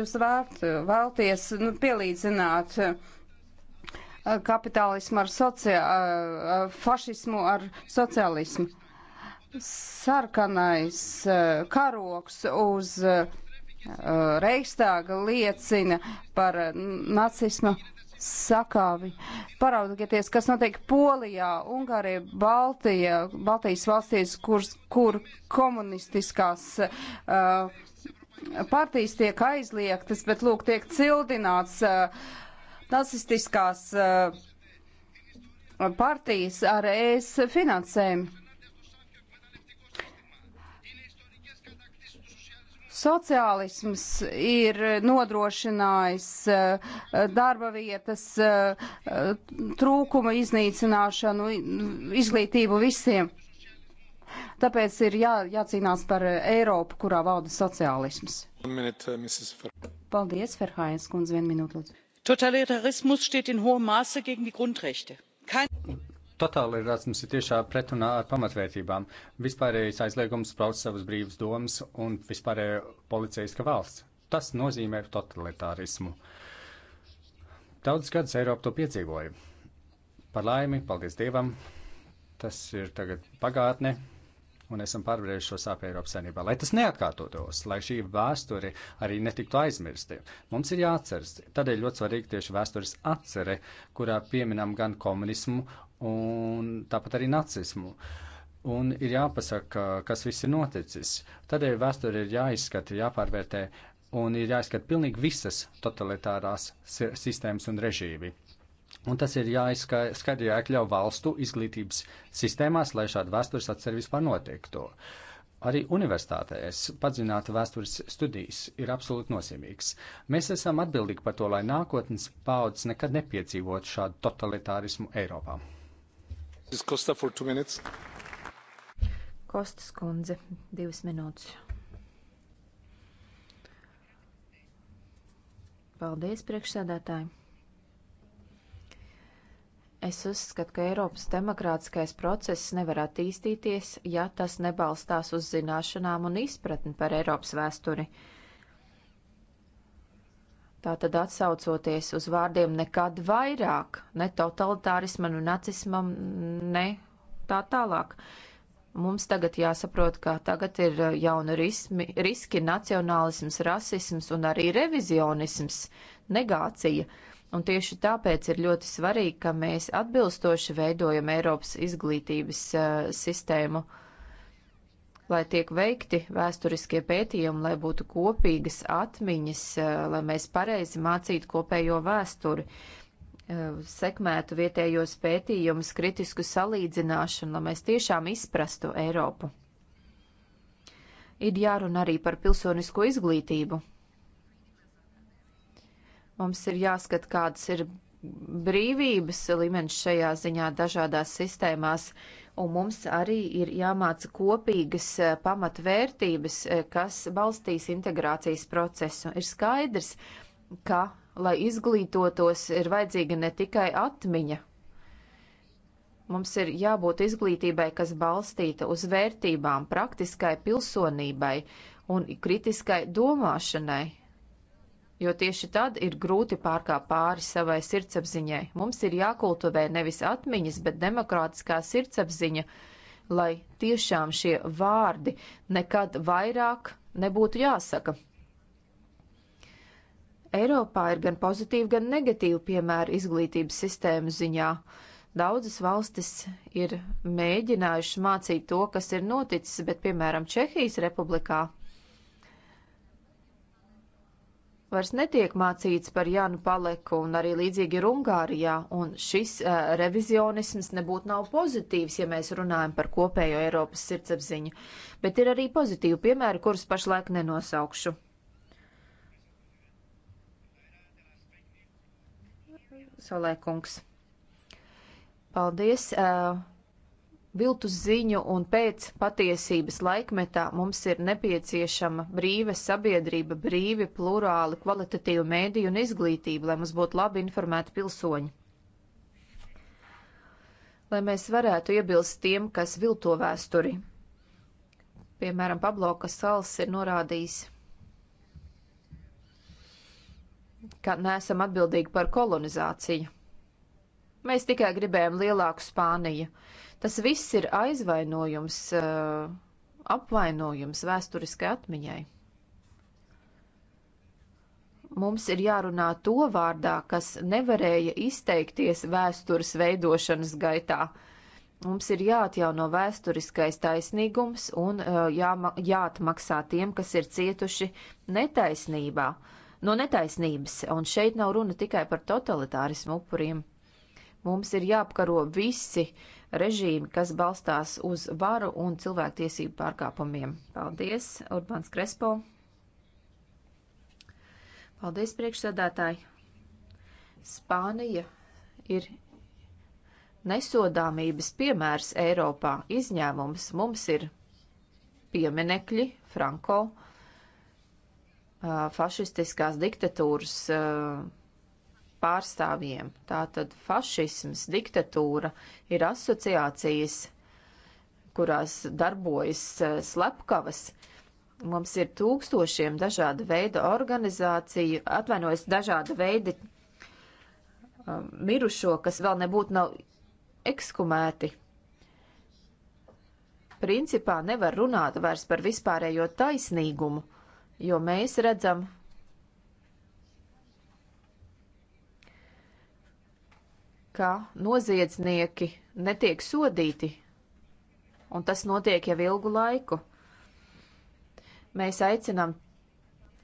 Jūs vērt, vēlties nu, pielīdzināt uh, kapitālismu ar sociā, uh, uh, fašismu ar sociālismu. Sarkanais karoks uz Reichstāga liecina par nacismu sakāvi. Paraudieties, kas notiek Polijā, Ungārija, Baltija, Baltijas valstīs, kur, kur komunistiskās uh, partijas tiek aizliegtas, bet lūk, tiek cildināts uh, nacistiskās uh, partijas ar ES finansējumu. Sociālisms ir nodrošinājis uh, darba vietas uh, uh, trūkuma iznīcināšanu, izglītību visiem. Tāpēc ir jā, jācīnās par Eiropu, kurā valda sociālisms. Minute, uh, Paldies, Ferhājas kundze, vienu minūtu lūdzu. Totalitarismus steht in hohem Maße gegen die Grundrechte. Kein Totalitārisms ir tiešā pretrunā ar pamatvērtībām. Vispārējais aizliegums brauc savas brīvas domas un vispārēja policijaska valsts. Tas nozīmē totalitārismu. Daudz gadus Eiropa to piedzīvoja. Par laimi, paldies Dievam, tas ir tagad pagātne, un esam pārvarējuši šo sāpju Eiropas saimnībā. Lai tas neatkārtotos, lai šī vēsture arī netiktu aizmirsti, mums ir jāatceras. Tādēļ ļoti svarīgi tieši vēstures atcere, kurā pieminam gan komunismu un tāpat arī nacismu. Un ir jāpasaka, kas viss ir noticis. Tādēļ vēsture ir jāizskata, jāpārvērtē un ir jāizskata pilnīgi visas totalitārās sistēmas un režīvi. Un tas ir jāizskaidri jāiekļau valstu izglītības sistēmās, lai šāda vēstures atceļ vispār notiektu. Arī universitātēs padzināta vēstures studijas ir absolūti nozīmīgs. Mēs esam atbildīgi par to, lai nākotnes paudzes nekad nepiedzīvotu šādu totalitārismu Eiropā. Kosta, Kostas kundze, divas minūtes. Paldies, priekšsēdētāji! Es uzskatu, ka Eiropas demokrātiskais process nevar attīstīties, ja tas nebalstās uz zināšanām un izpratni par Eiropas vēsturi. Tātad atsaucoties uz vārdiem nekad vairāk, ne totalitārismam, ne nacismam, ne tā tālāk. Mums tagad jāsaprot, ka tagad ir uh, jauni rismi, riski - nacionālisms, rasisms un arī revizionisms, negācija. Uh, Un tieši tāpēc ir ļoti svarīgi, ka mēs atbilstoši veidojam Eiropas izglītības uh, sistēmu, lai tiek veikti vēsturiskie pētījumi, lai būtu kopīgas atmiņas, uh, lai mēs pareizi mācītu kopējo vēsturi, uh, sekmētu vietējos pētījumus, kritisku salīdzināšanu, lai mēs tiešām izprastu Eiropu. Ir jārunā arī par pilsonisko izglītību Mums ir jāskat, kādas ir brīvības līmenis šajā ziņā dažādās sistēmās, un mums arī ir jāmāca kopīgas eh, pamatvērtības, eh, kas balstīs integrācijas procesu. Ir skaidrs, ka, lai izglītotos, ir vajadzīga ne tikai atmiņa, mums ir jābūt izglītībai, kas balstīta uz vērtībām, praktiskai pilsonībai un kritiskai domāšanai jo tieši tad ir grūti pārkāpt pāri savai sirdsapziņai. Mums ir jākultivē nevis atmiņas, bet demokrātiskā sirdsapziņa, lai tiešām šie vārdi nekad vairāk nebūtu jāsaka. Eiropā ir gan pozitīvi, gan negatīvi piemēri izglītības sistēmu ziņā. Daudzas valstis ir mēģinājušas mācīt to, kas ir noticis, bet, piemēram, Čehijas republikā vairs netiek mācīts par Janu Paleku un arī līdzīgi ir Ungārijā, un šis uh, revizionisms nebūtu nav pozitīvs, ja mēs runājam par kopējo Eiropas sirdsapziņu, bet ir arī pozitīvi piemēri, kurus pašlaik nenosaukšu. Solēkungs. Paldies. Uh, Viltus ziņu un pēc patiesības laikmetā mums ir nepieciešama brīva sabiedrība, brīvi, plurāli, kvalitatīvi mēdī un izglītība, lai mums būtu labi informēti pilsoņi. Lai mēs varētu iebilst tiem, kas vilto vēsturi. Piemēram, Pablo Kasals ir norādījis, ka neesam atbildīgi par kolonizāciju. Mēs tikai gribējām lielāku Spāniju. Tas viss ir aizvainojums, eh, apvainojums vēsturiskai atmiņai. Mums ir jārunā to vārdā, kas nevarēja izteikties vēstures veidošanas gaitā. Mums ir jāatjauno vēsturiskais taisnīgums un eh, jā, jāatmaksā tiem, kas ir cietuši netaisnībā, no netaisnības, un šeit nav runa tikai par totalitārismu upuriem. Mums ir jāapkaro visi režīmi, kas balstās uz varu un cilvēktiesību pārkāpumiem. Paldies, Urbāns Krespo. Paldies, priekšsēdētāji. Spānija ir nesodāmības piemērs Eiropā. Izņēmums mums ir pieminekļi Franko fašistiskās diktatūras pārstāvjiem. Tātad fašisms, diktatūra ir asociācijas, kurās darbojas eh, slepkavas. Mums ir tūkstošiem dažāda veida organizāciju, atvainojas dažāda veida um, mirušo, kas vēl nebūtu nav ekskumēti. Principā nevar runāt vairs par vispārējo taisnīgumu, jo mēs redzam ka noziedznieki netiek sodīti, un tas notiek jau ilgu laiku. Mēs aicinām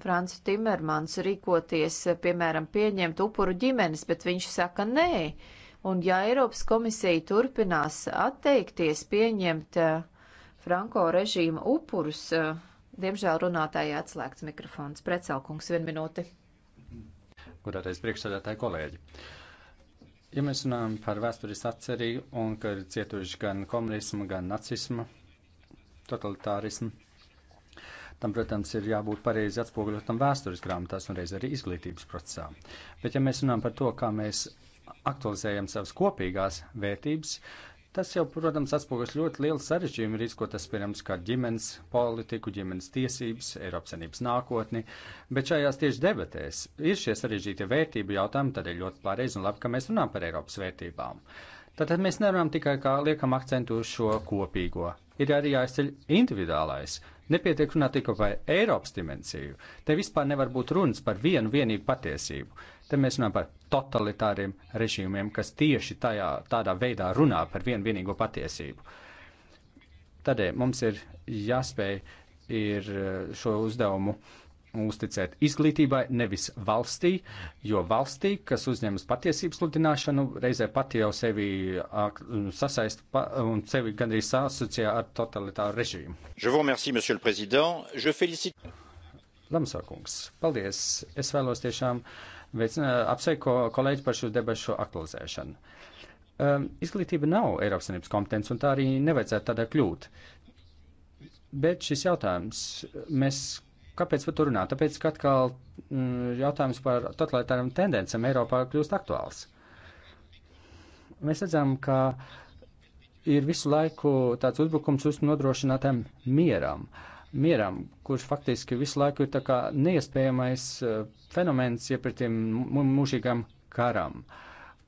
Francu Timermans rīkoties, piemēram, pieņemt upuru ģimenes, bet viņš saka nē. Un ja Eiropas komisija turpinās atteikties pieņemt eh, Franko režīma upurus, eh, diemžēl runātāji atslēgts mikrofons. Precelkungs, vien minūti. Godātais priekšsēdētāji kolēģi. Ja mēs runājam par vēstures atcerību un ka ir cietuši gan komunismu, gan nacismu, totalitārismu, tam, protams, ir jābūt pareizi atspoguļotam vēstures grāmatās un reiz arī izglītības procesā. Bet ja mēs runājam par to, kā mēs aktualizējam savas kopīgās vērtības, uh, Tas jau, protams, atspoguļos ļoti lielu sarežģījumu risku, ko tas, piemēram, skar ģimenes politiku, ģimenes tiesības, Eiropas Savienības nākotni, bet šajās tieši debatēs ir šie sarežģītie vērtību jautājumi, tad ir ļoti pareizi un labi, ka mēs runājam par Eiropas vērtībām. Tātad mēs nerunājam tikai kā liekam akcentu uz šo kopīgo. Ir arī jāizceļ individuālais Nepietiek runāt tikai par Eiropas dimensiju. Te vispār nevar būt runas par vienu vienīgu patiesību. Te mēs runājam par totalitāriem režīmiem, kas tieši tajā, tādā veidā runā par vienu vienīgo patiesību. Tādēļ mums ir jāspēj ir eh, šo uzdevumu uh, uzticēt izglītībai, nevis valstī, jo valstī, kas uzņemas patiesības sludināšanu, reizē pati jau sevi sasaist un sevi gandrīz asociē ar totalitāru režīmu. Félicit... Lamsākungs, paldies! Es vēlos tiešām apsveiku kolēģi par šo debašu aktualizēšanu. Um, izglītība nav Eiropas Savienības kompetence, un tā arī nevajadzētu tādā kļūt. Bet šis jautājums, mēs Kāpēc par to runāt? Tāpēc, ka atkal mm, jautājums par totalitāram tendencēm Eiropā kļūst aktuāls. Mēs redzam, ka ir visu laiku tāds uzbrukums uz nodrošinātām mieram. Mieram, kurš faktiski visu laiku ir tā kā neiespējamais eh, fenomens iepratiem mūžīgam karam. Uh,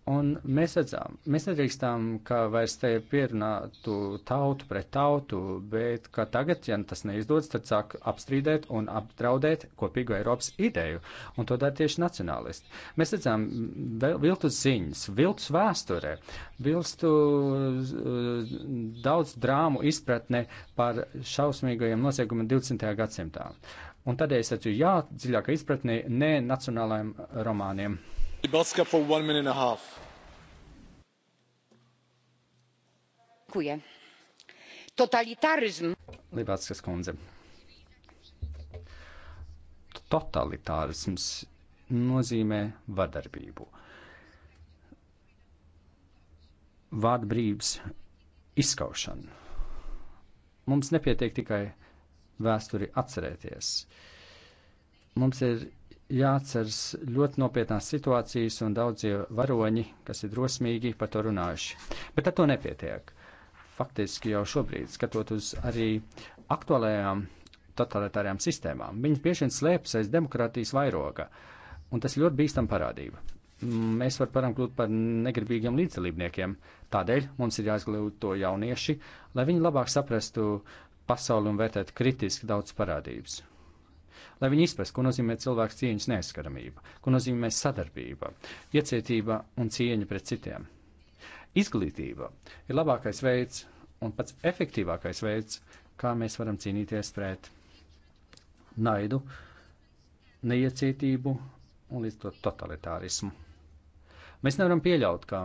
Un mēs redzam, mēs nedrīkstām, ka vairs te pierunātu tautu pret tautu, bet ka tagad, ja tas neizdodas, tad sāk apstrīdēt un apdraudēt kopīgo Eiropas ideju. Un to dara tieši nacionālisti. Mēs redzam mm, viltus ziņas, viltus vēsturē, viltu mm, daudz drāmu izpratne par šausmīgajiem noziegumiem 20. gadsimtā. Un tādēļ es teicu, jā, dziļākai izpratnē, ne nacionālajiem romāniem. Totalitārisms. Libātskas kundze. Totalitārisms nozīmē vardarbību. Vārda brīvības izskaušanu. Mums nepietiek tikai vēsturi atcerēties. Mums ir jāceras ļoti nopietnās situācijas, un daudzie varoņi, kas ir drosmīgi, par to runājuši. Bet ar to nepietiek. Faktiski jau šobrīd, skatot uz arī aktuālajām totalitārijām sistēmām, viņas bieži vien slēpjas aiz demokrātijas vairoga, un tas ir ļoti bīstam parādība. Mēs varam kļūt par negribīgiem līdzdalībniekiem. Tādēļ mums ir jāizglīto jaunieši, lai viņi labāk saprastu pasauli un vērtētu kritiski daudz parādības lai viņi izprast, ko nozīmē cilvēks cieņas neaizskaramība, ko nozīmē sadarbība, iecietība un cieņa pret citiem. Izglītība ir labākais veids un pats efektīvākais veids, kā mēs varam cīnīties pret naidu, neiecietību un līdz to totalitārismu. Mēs nevaram pieļaut, ka,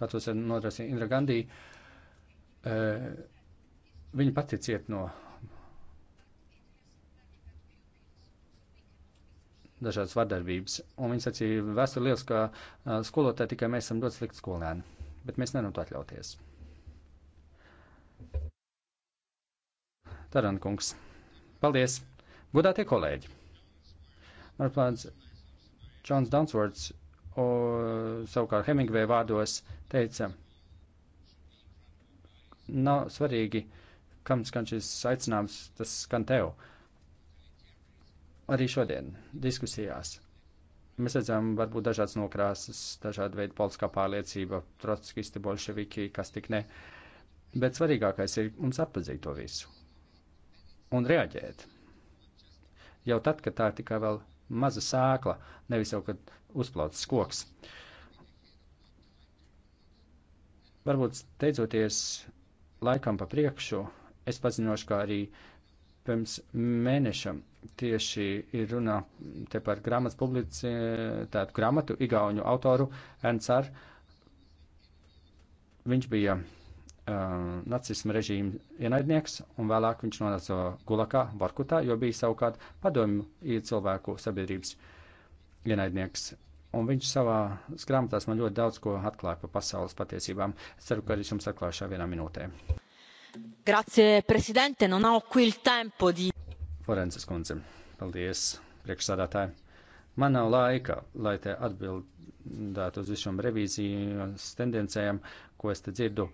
kā tos ir nodrasīja Indra Gandī, e, eh, viņa pati ciet no dažādas vardarbības. Un viņa sacīja, vēsture liels, ka uh, skolotāji tikai mēs esam ļoti slikti skolēni, bet mēs nevaram to atļauties. Tarankungs, paldies! Godātie kolēģi! Manuprāt, Džons Dansvorts savukārt Hemingvē vārdos teica, nav svarīgi, kam skan šis aicinājums, tas skan tev. Uh, arī šodien diskusijās. Mēs redzam, varbūt dažādas nokrāsas, dažāda veida politiskā pārliecība, trotskisti, bolševiki, kas tik ne. Bet svarīgākais ir mums atpazīt to visu un reaģēt. Jau tad, kad tā ir tikai vēl maza sēkla, nevis jau kad uzplaucis koks. Varbūt steidzoties laikam pa priekšu, es paziņošu, ka arī Pirms mēneša tieši ir runā te par grāmatas publicētu grāmatu, igauņu autoru Ernsts Viņš bija uh, nacisma režīma ienaidnieks, un vēlāk viņš nonāca Gulakā, Varkutā, jo bija savukārt padomju cilvēku sabiedrības ienaidnieks. Un viņš savā grāmatā man ļoti daudz ko atklāja par pasaules patiesībām. Es ceru, ka arī jums atklāšu šajā vienā minūtē. Grazie, prezidente, nu nav qui il tempo di. Forences kundze, paldies, priekšsādātāji. Man nav laika, lai te atbildētu uz visām revīzijas tendencēm, ko es te dzirdu,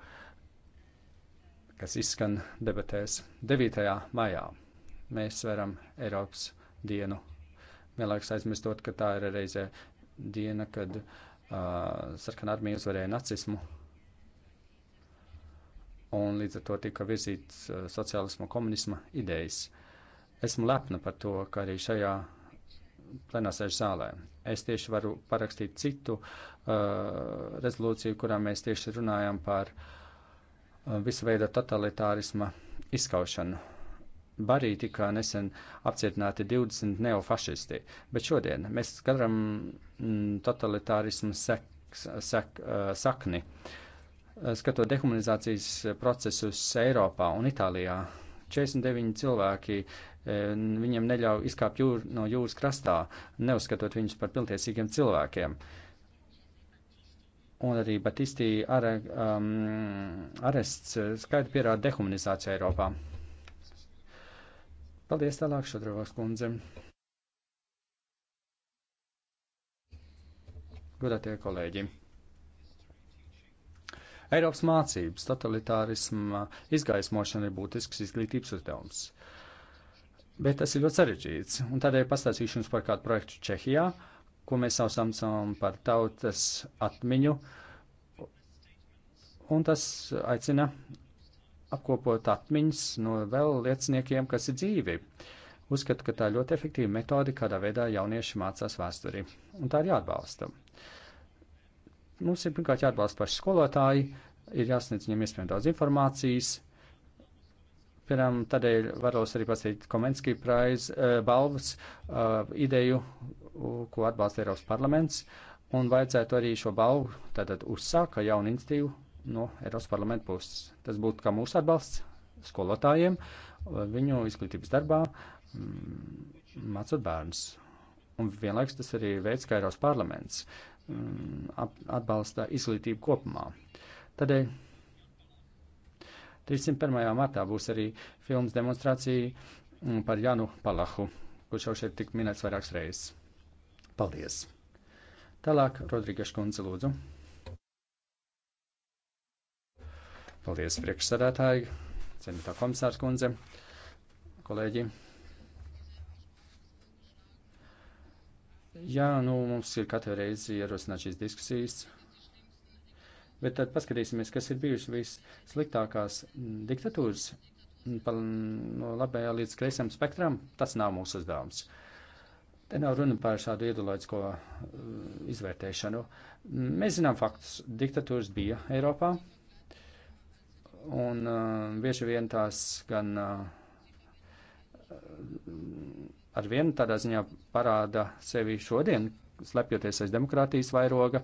kas izskan debatēs 9. maijā. Mēs sveram Eiropas dienu. Vienlaiks aizmirstot, ka tā ir reizē diena, kad uh, sarkanā armija uzvarēja nacismu un līdz ar to tika virzīts uh, sociālisma un komunisma idejas. Esmu lepna par to, ka arī šajā plenāsēžu zālē es tieši varu parakstīt citu uh, rezolūciju, kurā mēs tieši runājam par uh, visu veidu totalitārisma izskaušanu. Barī tika nesen apcietināti 20 neofašisti, bet šodien mēs skatām mm, totalitārismu sek, sek, uh, sakni. Uh, Eh, skatot dehumanizācijas procesus Eiropā un Itālijā. 49 cilvēki eh, viņiem neļauj izkāpt jūr, no jūras krastā, neuzskatot viņus par pilntiesīgiem cilvēkiem. Un arī Batistī are, um, arests eh, skaidri pierāda dehumanizāciju Eiropā. Paldies tālāk, Šodrovas kundze. Godātie kolēģi! Eiropas mācības totalitārisma izgaismošana ir būtisks izglītības uzdevums. Bet tas ir ļoti sarežģīts, un tādēļ pastāstīšu jums par kādu projektu Čehijā, ko mēs saucam par tautas atmiņu, un tas aicina apkopot atmiņas no vēl lieciniekiem, kas ir dzīvi. Uzskatu, ka tā ir ļoti efektīva metode, kādā veidā jaunieši mācās vēsturi, un tā ir jāatbalsta. Mums ir pirmkārt jāatbalsta paši skolotāji, ir jāsniedz viņiem iespējami daudz informācijas. Piemēram, tādēļ varos arī pasīt Komenskī praiz eh, balvas eh, ideju, ko atbalsta Eiropas parlaments, un vajadzētu arī šo balvu tātad uzsāka jaunu institīvu no Eiropas parlamenta puses. Tas būtu kā mūsu atbalsts skolotājiem eh, viņu izglītības darbā, mm, mācot bērnus. Un vienlaikus tas arī veids, kā Eiropas parlaments uh, Mm, atbalsta izglītību kopumā. Tādēļ 31. martā būs arī filmas demonstrācija mm, par Janu Palahu, kurš jau šeit tik minēts vairākas reizes. Paldies! Tālāk, Rodrīgas kundze, lūdzu. Paldies, priekšsādātāji, cenītā komisārs kundze, kolēģi. Jā, nu mums ir katru reizi ierosināt šīs diskusijas, bet tad paskatīsimies, kas ir bijušas vissliktākās diktatūras pa, no labējā līdz kreisam spektram. Tas nav mūsu uzdevums. Te nav runa par šādu ideoloģisko uh, izvērtēšanu. Mēs zinām faktus. Diktatūras bija Eiropā, un uh, bieži vien tās gan uh, ar vienu tādā ziņā parāda sevi šodien, slepjoties aiz demokrātijas vairoga,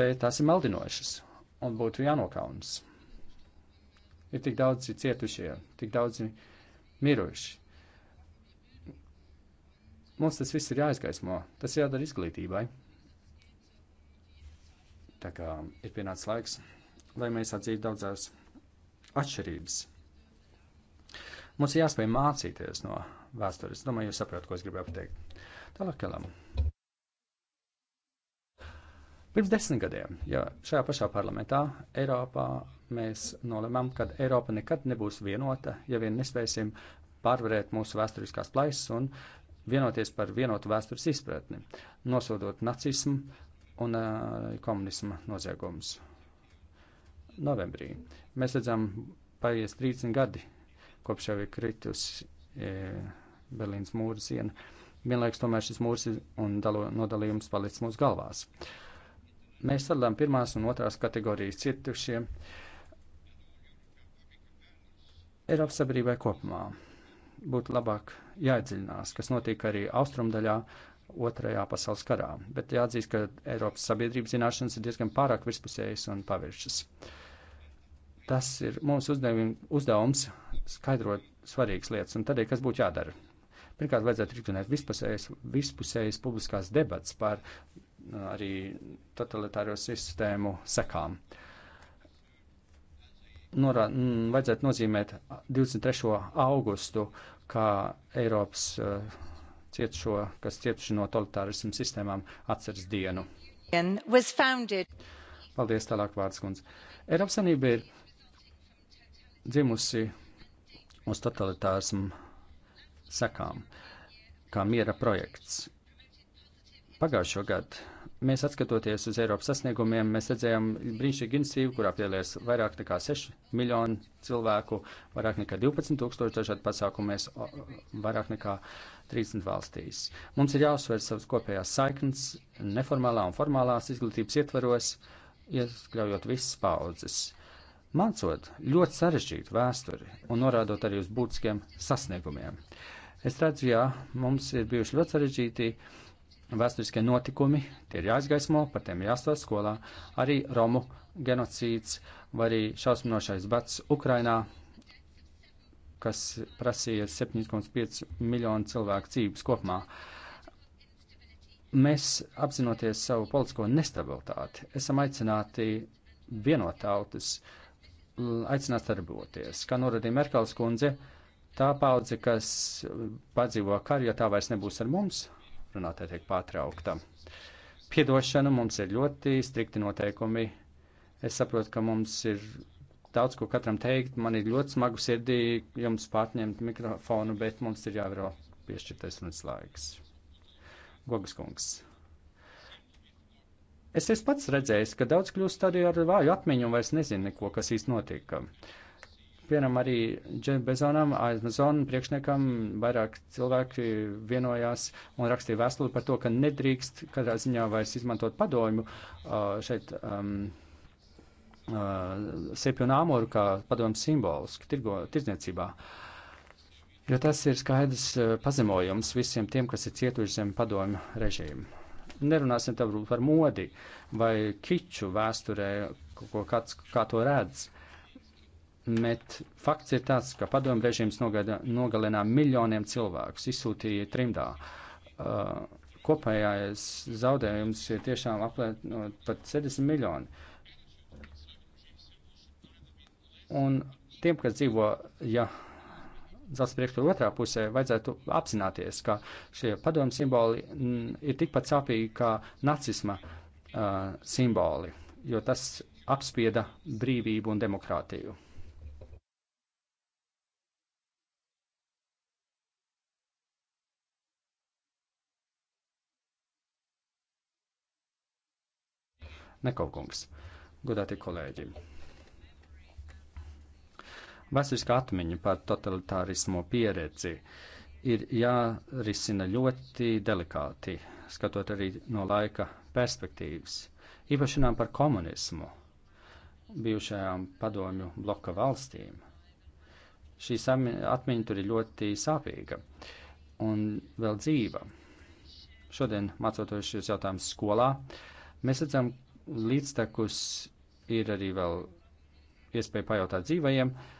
bet tās ir maldinošas un būtu jānokaunas. Ir tik daudzi cietušie, tik daudzi miruši. Mums tas viss ir jāizgaismo, tas jādara izglītībai. Tā kā ir pienācis laiks, lai mēs atzītu daudzās atšķirības. Mums ir jāspēj mācīties no vēstures. Domāju, jūs saprotat, ko es gribēju pateikt. Tālāk, Kelam. Pirms desmit gadiem, ja šajā pašā parlamentā Eiropā mēs nolemam, ka Eiropa nekad nebūs vienota, ja vien nespēsim pārvarēt mūsu vēsturiskās plaisas un vienoties par vienotu vēstures izpratni, nosodot nacismu un uh, komunismu noziegumus. Novembrī mēs redzam, paies 30 gadi kopš jau ir kritus e, Berlīnas mūra siena. Vienlaiks tomēr šis mūrs un dalo, nodalījums palicis mūsu galvās. Mēs sadalām pirmās un otrās kategorijas cietušie Eiropas sabiedrībai kopumā. Būtu labāk jāiedziļinās, kas notika arī austrumdaļā, Otrajā pasaules karā, bet jāatzīst, ka Eiropas sabiedrības zināšanas ir diezgan pārāk virspusējas un paviršas. Tas ir mūsu uzdevums skaidrot svarīgas lietas, un tad ir kas būtu jādara. Pirmkārt, vajadzētu risināt vispusējas, vispusējas publiskās debats par uh, arī totalitāro sistēmu sekām. Norā, m, mm, vajadzētu nozīmēt 23. augustu, kā Eiropas uh, cietušo, kas cietuši no totalitārismu sistēmām, atceras dienu. Paldies, tālāk vārds kundze. Eiropas Sanība ir dzimusi uz totalitārismu sekām, kā miera projekts. Pagājušo gadu mēs, atskatoties uz Eiropas sasniegumiem, mēs redzējām brīnišķīgu iniciatīvu, kurā piedalījās vairāk nekā 6 miljoni cilvēku, vairāk nekā 12 tūkstoši dažādu pasākumu, mēs vairāk nekā 30 valstīs. Mums ir jāuzsver savas kopējās saiknes neformālā un formālās izglītības ietvaros, ieskļaujot visas paudzes. Uh, Mācot ļoti sarežģītu vēsturi un norādot arī uz būtiskiem sasniegumiem, es redzu, jā, mums ir bijuši ļoti sarežģīti vēsturiskie notikumi, tie ir jāizgaismo, par tiem jāstāsta skolā, arī Romu genocīds vai arī šausminošais bats Ukrainā, kas prasīja 7,5 miljonu cilvēku dzīves kopumā. Mēs, apzinoties savu politisko nestabilitāti, esam aicināti vienot tautas uh, Mm, aicinās darboties. Kā norādīja Merkels kundze, tā paudze, kas padzīvo karu, ja tā vairs nebūs ar mums, runātē tiek pārtraukta. Piedošana mums ir ļoti strikti noteikumi. Es saprotu, ka mums ir daudz ko katram teikt. Man ir ļoti smagu sirdī jums pārņemt mikrofonu, bet mums ir jāvēro piešķirtais runas laiks. Gogas kungs. Es esmu pats redzējis, ka daudz kļūst arī ar vāju atmiņu un vairs nezinu neko, kas īsti notiek. Piemēram, arī Džebezonam, Aizmazonu priekšniekam vairāk cilvēki vienojās un rakstīja vēstuli par to, ka nedrīkst katrā ziņā vairs izmantot padomu uh, šeit um, uh, sepju un āmuru kā padomu simbols tirgo, tirdzniecībā. Jo tas ir skaidrs uh, pazemojums visiem tiem, kas ir cietuši zem padomu režīmu nerunāsim par modi vai kiču vēsturē, ko kāds kā to redz. Bet fakts ir tāds, ka padomu režīms nogada, nogalināja miljoniem cilvēkus, izsūtīja trimdā. Uh, kopējais zaudējums ir tiešām aplēt no, nu, pat 70 miljoni. Un tiem, kas dzīvo, ja zelta priekšstūra otrā pusē, vajadzētu apzināties, ka šie padomu simboli mm, ir tikpat sāpīgi kā nacisma uh, simboli, jo tas apspieda brīvību un demokrātiju. Nekovkungs, godāti kolēģi! Vēsturiskā atmiņa par totalitārismu pieredzi ir jārisina ļoti delikāti, skatot arī no laika perspektīvas, īpašinām par komunismu, bijušajām padomju bloka valstīm. Šī atmiņa tur ir ļoti sāpīga un vēl dzīva. Šodien, mācoties šos jautājumus skolā, mēs redzam, līdztekus ir arī vēl iespēja pajautāt dzīvajiem, uh,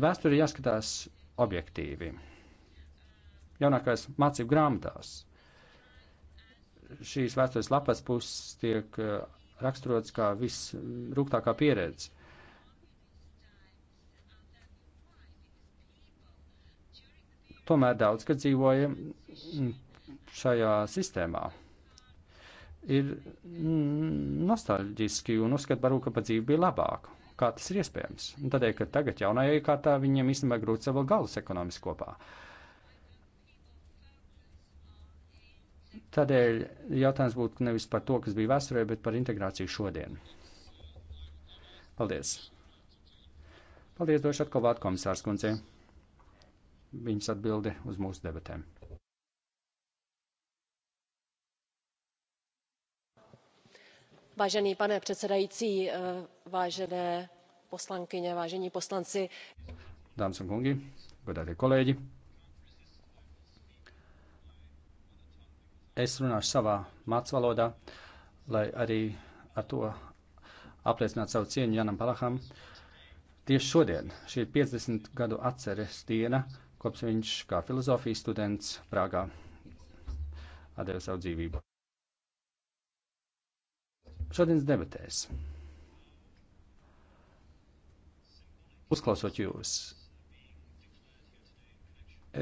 Vēsture jāskatās objektīvi. Jaunākais mācību grāmatās šīs vēstures lapas puses tiek eh, raksturots kā visrūgtākā pieredze. Tomēr daudz, kad dzīvoja mm, šajā sistēmā, ir mm, nostalģiski un uzskat varbūt, ka pa dzīvi bija labāka. Kā tas ir iespējams? Un tādēļ, ka tagad jaunajā iekārtā viņiem īstenībā grūti savu galus ekonomiski kopā. Tādēļ jautājums būtu nevis par to, kas bija vēsturē, bet par integrāciju šodien. Paldies! Paldies, došu atkal vārdu komisārs kundzei. Viņas atbildi uz mūsu debatēm. pane předsedající eh, vážené poslankyně vážení poslanci dāmas un kungi, godātie kolēģi! Es runāšu savā mācu valodā, lai arī ar to apliecinātu savu cieņu Janam Palaham. Tieši šodien, šī ir 50 gadu atceres diena, kopš viņš kā filozofijas students Prāgā atdeva savu dzīvību šodienas debatēs. Uzklausot jūs,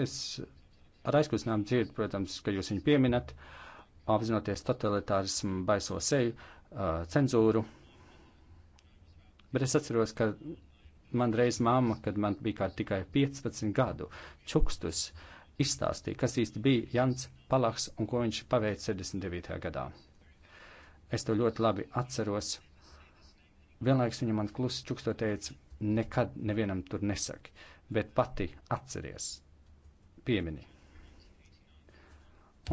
es ar aizkustinājumu dzirdu, protams, ka jūs viņu pieminat, apzinoties totalitārismu, baiso seju, cenzūru. Bet es atceros, ka man reiz mamma, kad man bija kā tikai 15 gadu, čukstus izstāstīja, kas īsti bija Jans Palaks un ko viņš paveica 79. gadā. Es to ļoti labi atceros. Vienlaiks viņa man klusi čuksto teica, nekad nevienam tur nesaki, bet pati atceries, piemini.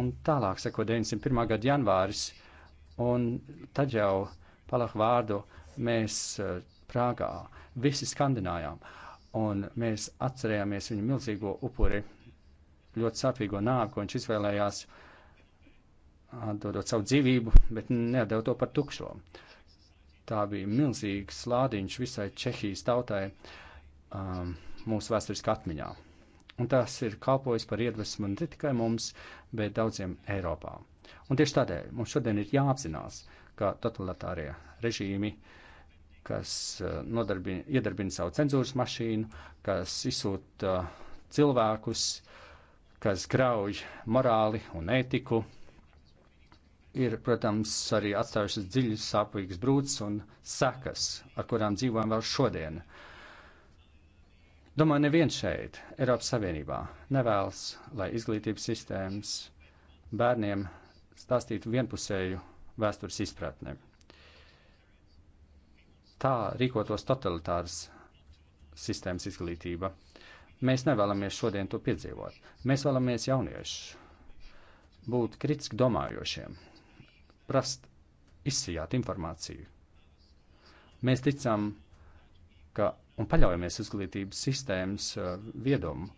Un tālāk seko 901. gada janvāris, un tad jau palahu vārdu mēs eh, Prāgā visi skandinājām, un mēs atcerējāmies viņu milzīgo upuri, ļoti sāpīgo nāvi, ko viņš izvēlējās. Uh, atdodot savu dzīvību, bet neatdev to par tukšo. Tā bija milzīgs slādiņš visai Čehijas tautai um, mūsu vēsturiskā atmiņā. Un tas ir kalpojis par iedvesmu ne tikai mums, bet daudziem Eiropā. Un tieši tādēļ mums šodien ir jāapzinās, ka totalitārie režīmi, kas uh, nodarbina, iedarbina savu cenzūras mašīnu, kas izsūta cilvēkus, kas grauj morāli un ētiku, ir, protams, arī atstājušas dziļas, sāpīgas brūces un sekas, ar kurām dzīvojam vēl šodien. Domāju, neviens šeit, Eiropas Savienībā, nevēlas, lai izglītības sistēmas bērniem stāstītu vienpusēju vēstures izpratni. Tā rīkotos totalitāras sistēmas izglītība. Mēs nevēlamies šodien to piedzīvot. Mēs vēlamies jauniešus būt kritiski domājošiem, prast izsijāt informāciju. Mēs ticam, ka un paļaujamies izglītības sistēmas uh, viedumu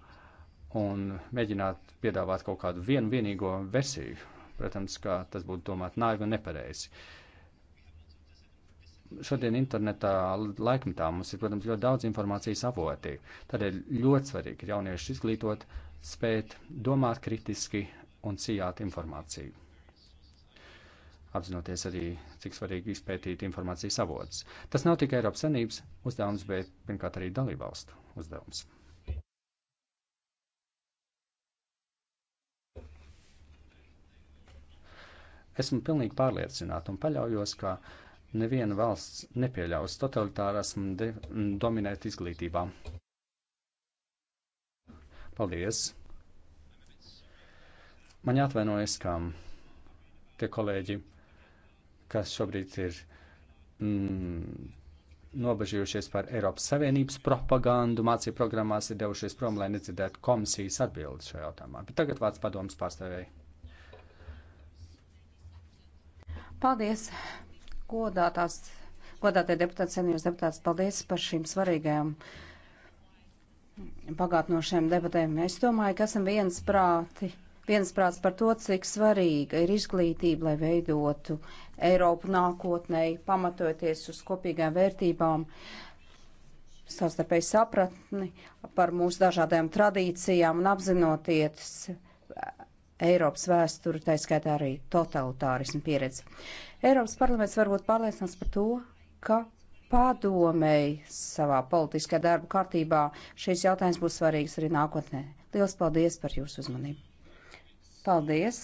un mēģināt piedāvāt kaut kādu vienu vienīgo versiju. Protams, ka tas būtu domāt naivi un nepareizi. Šodien internetā laikmetā mums ir, protams, ļoti daudz informācijas avoti. Tādēļ ļoti svarīgi ir jaunieši izglītot, spēt domāt kritiski un sijāt informāciju apzinoties arī, cik svarīgi izpētīt informācijas avotus. Tas nav tikai Eiropas Savienības uzdevums, bet pirmkārt arī dalībvalstu uzdevums. Esmu pilnīgi pārliecināta un paļaujos, ka neviena valsts nepieļaus totalitārismu dominēt izglītībā. Paldies! Man jāatvainojas, ka tie kolēģi kas šobrīd ir mm, nobežījušies par Eiropas Savienības propagandu, mācību programmās ir devušies prom, lai nedzirdētu komisijas atbildes šajā jautājumā. Bet tagad vārds padomas pārstāvēji. Paldies, godātās, godātie deputāti, senjors deputāts, paldies par šīm svarīgajām pagātnošajām debatēm. Es domāju, ka esam viens prāti viensprāts par to, cik svarīga ir izglītība, lai veidotu Eiropu nākotnēji, pamatojoties uz kopīgām vērtībām, savstarpēji sapratni par mūsu dažādajām tradīcijām un apzinoties Eiropas vēsturi, tā skaitā arī totalitārismu pieredzi. Eiropas parlaments var būt pārliecināts par to, ka padomēji savā politiskā darba kārtībā šīs jautājums būs svarīgs arī nākotnē. Lielas paldies par jūsu uzmanību! Paldies,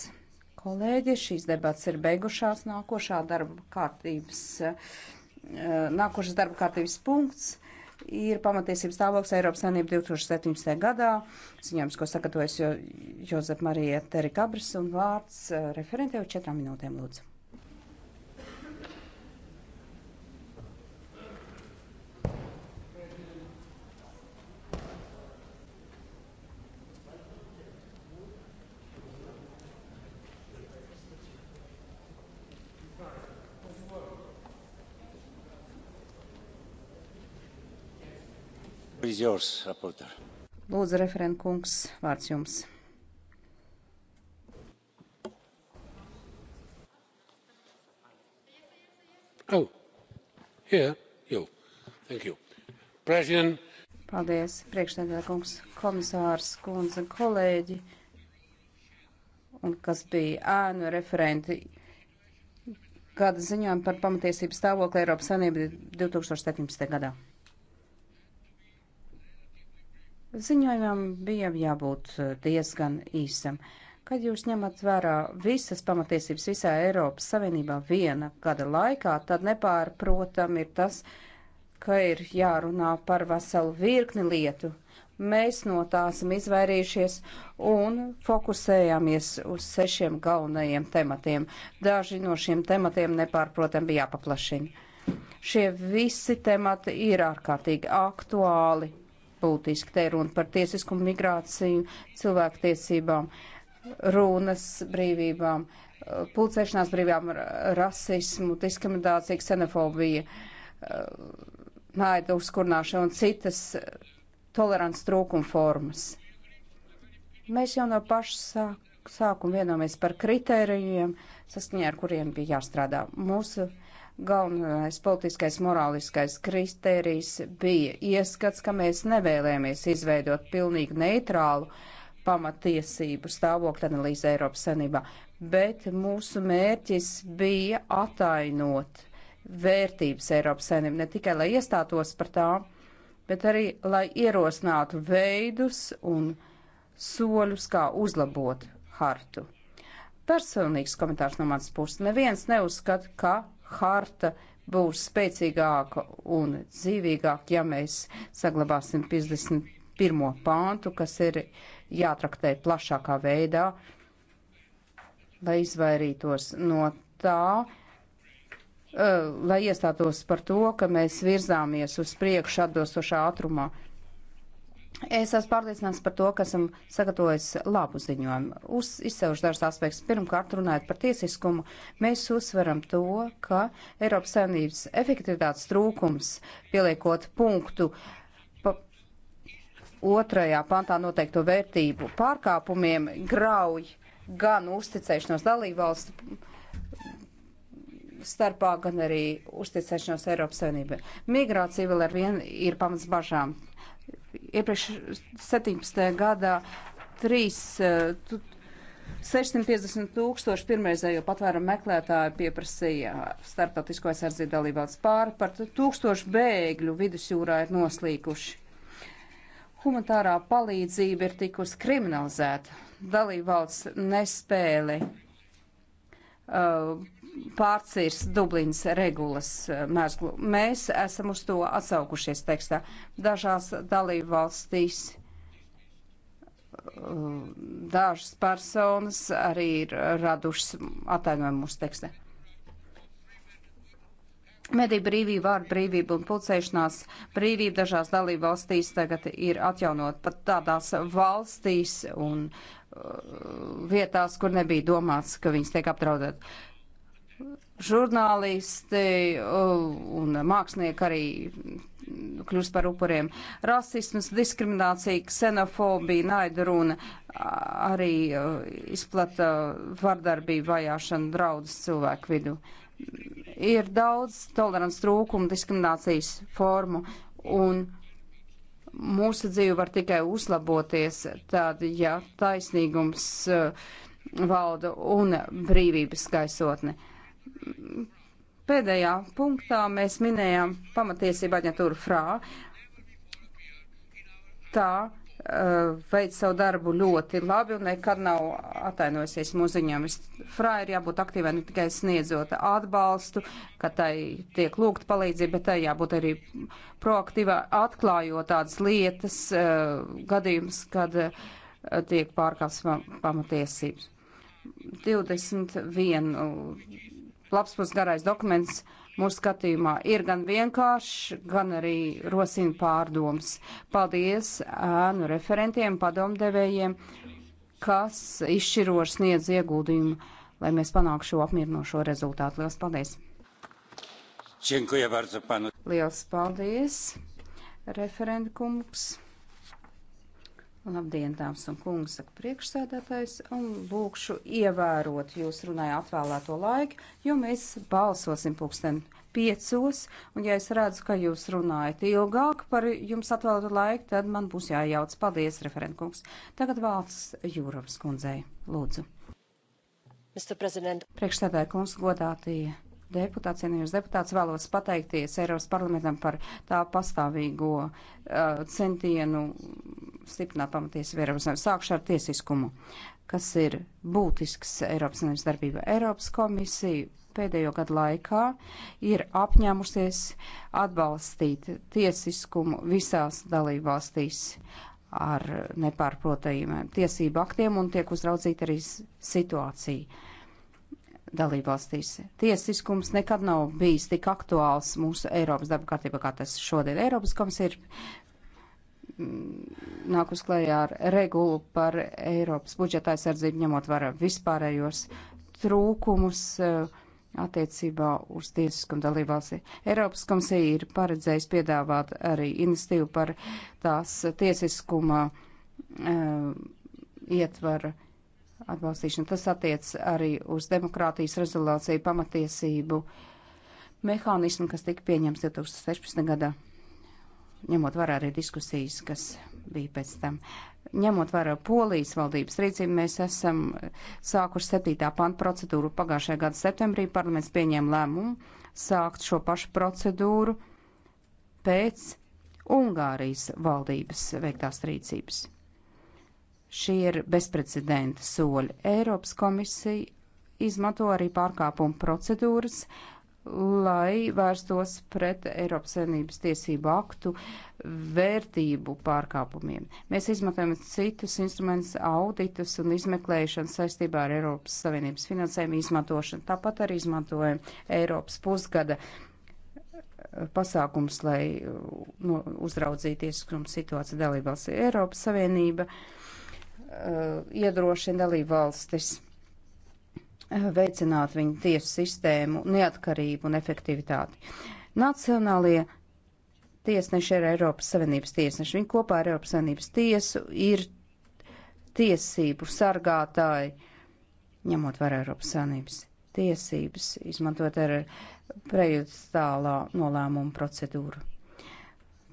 kolēģi. Šīs debats ir beigušās. Nākošā darba kārtības, eh, nākošais darba kārtības punkts ir pamatiesības stāvoklis Eiropas Savienība 2017. gadā. Ziņojums, ko sagatavojas jo, Jozef Marija Terikabris un vārds eh, referentē uz četrām minūtēm lūdzu. is yours, rapporteur. Lūdzu, referent kungs, vārds jums. Oh. Yeah. You. Thank you. President. Paldies, priekšsēdētāj kungs, komisārs, kundze, kolēģi, un kas bija ēnu referenti gada ziņām par pamatiesību stāvokli Eiropas Sanību 2017. gadā. Ziņojumam bija jābūt eh, diezgan īsam. Kad jūs ņemat vērā visas pamatiesības visā Eiropas Savienībā viena gada laikā, tad nepārprotam ir tas, ka ir jārunā par veselu virkni lietu. Mēs no tā esam izvairījušies un fokusējāmies uz sešiem galvenajiem tematiem. Daži no šiem tematiem nepārprotam bija jāpaplašina. Šie visi temati ir ārkārtīgi aktuāli būtiski. Te ir runa par tiesiskumu, migrāciju, cilvēktiesībām, runas brīvībām, pulcēšanās brīvībām, rasismu, diskrimināciju, ksenofobiju, eh, naidu uzkurnāšanu un citas eh, tolerants trūkuma formas. Mēs jau no paša sākuma vienojamies par kritērijiem, saskaņā ar kuriem bija jāstrādā. Mūsu Galvenais politiskais morāliskais kriterijs bija ieskats, ka mēs nevēlēmies izveidot pilnīgi neitrālu pamatiesību stāvokļa analīzi Eiropas Sanībā, bet mūsu mērķis bija atainot vērtības Eiropas Sanībā, ne tikai lai iestātos par tām, bet arī lai ierosinātu veidus un soļus, kā uzlabot hartu personīgs komentārs no manas puses. Neviens neuzskata, ka harta būs spēcīgāka un dzīvīgāka, ja mēs saglabāsim 51. pāntu, kas ir jātraktē plašākā veidā, lai izvairītos no tā, eh, lai iestātos par to, ka mēs virzāmies uz priekšu atdostošā ātrumā. Es esmu pārliecināts par to, ka esam sagatavojis labu ziņojumu. Uz izcēluši dažas aspekts. Pirmkārt, runājot par tiesiskumu, mēs uzsveram to, ka Eiropas saimnības efektivitātes trūkums, pieliekot punktu pa otrajā pantā noteikto vērtību pārkāpumiem, grauj gan uzticēšanos dalībvalstu starpā, gan arī uzticēšanos Eiropas saimnībai. Migrācija vēl ar vienu ir pamats bažām iepriekš 17. gadā 3, 650 eh, tūkstoši pirmreizējo patvērumu meklētāju pieprasīja starptautisko aizsardzību dalībvalsts pāri, par tūkstošu bēgļu vidusjūrā ir noslīkuši. Humanitārā palīdzība ir tikusi kriminalizēta. Dalībvalsts nespēli uh, pārcirs Dublinas regulas eh, mēslu. Mēs esam uz to atsaukušies tekstā. Dažās dalību valstīs eh, dažas personas arī ir radušas atainojumu mūsu tekstā. Mediju brīvība, vārdu brīvība un pulcēšanās brīvība dažās dalību valstīs tagad ir atjaunot pat tādās valstīs un uh, vietās, kur nebija domāts, ka viņas tiek apdraudēt. Uh, žurnālisti uh, un mākslinieki arī kļūst par upuriem. Rasisms, diskriminācija, ksenofobija, naida runa arī uh, izplata vardarbību, vajāšanu, draudus cilvēku vidu. Ir daudz tolerants trūkumu, diskriminācijas formu un mūsu dzīve var tikai uzlaboties, tad, ja taisnīgums uh, valda un brīvības gaisotne pēdējā punktā mēs minējām pamatiesību aģentūru FRA. Tā uh, veic savu darbu ļoti labi un nekad nav atainojusies mūsu ziņojumus. FRA ir jābūt aktīvai ne tikai sniedzot atbalstu, ka tai tiek lūgt palīdzību, bet tai jābūt arī proaktīvai atklājot tādas lietas, uh, eh, gadījums, kad uh, tiek pārkāpts pamatiesības. 21 Lapspus garais dokuments mūsu skatījumā ir gan vienkāršs, gan arī rosina pārdomas. Paldies ēnu referentiem, padomdevējiem, kas izšķiroši sniedz ieguldījumu, lai mēs panāktu šo apmierinošo rezultātu. Lielas paldies! Liels paldies, referentkungs! Labdien, dāmas un kungi, saka priekšsēdētājs, un lūkšu ievērot jūs runāja atvēlēto laiku, jo mēs balsosim pulksten piecos, un ja es redzu, ka jūs runājat ilgāk par jums atvēlēto laiku, tad man būs jājauc. Paldies, referentkungs. Tagad vārds Jūrovas kundzei. Lūdzu. Priekšsēdētāja kungs, godātie deputāts, cienījums deputāts, vēlos pateikties Eiropas parlamentam par tā pastāvīgo uh, centienu stiprināt pamaties Eiropas Savienības. Sākšu ar tiesiskumu, kas ir būtisks Eiropas Savienības darbība. Eiropas komisija pēdējo gadu laikā ir apņēmusies atbalstīt tiesiskumu visās dalībvalstīs ar nepārprotajiem tiesību aktiem un tiek uzraudzīta arī situācija dalībvalstīs. Tiesiskums nekad nav bijis tik aktuāls mūsu Eiropas darba kārtībā, kā tas šodien Eiropas komisija ir mm, nākus klajā ar regulu par Eiropas budžeta aizsardzību, ņemot vērā vispārējos trūkumus eh, attiecībā uz tiesiskumu dalībvalstī. Eiropas komisija ir paredzējusi piedāvāt arī iniciatīvu par tās tiesiskuma uh, ietvaru atbalstīšanu. Tas attiec arī uz demokrātijas rezolāciju pamatiesību mehānismu, kas tika pieņemts 2016. gadā, ņemot vērā arī diskusijas, kas bija pēc tam. Ņemot vērā polijas valdības rīcību, mēs esam sākuši 7. pantu procedūru. Pagājušajā gada septembrī parlaments pieņēma lēmumu sākt šo pašu procedūru pēc Ungārijas valdības veiktās rīcības. Šie ir bezprecedenta soļi. Eiropas komisija izmanto arī pārkāpumu procedūras, lai vērstos pret Eiropas Savienības tiesību aktu vērtību pārkāpumiem. Mēs izmantojam citus instrumentus, auditus un izmeklēšanu saistībā ar Eiropas Savienības finansējumu izmantošanu. Tāpat arī izmantojam Eiropas pusgada eh, pasākums, lai eh, no, uzraudzīties, krum situācija dalībās Eiropas Savienība. Uh, Uh, iedrošina dalību valstis uh, veicināt viņu tiesu sistēmu neatkarību un efektivitāti. Nacionālie tiesneši ir Eiropas Savienības tiesneši. Viņi kopā ar Eiropas Savienības tiesu ir tiesību sargātāji, ņemot vērā Eiropas Savienības tiesības, izmantot ar prejudiciālā nolēmumu procedūru.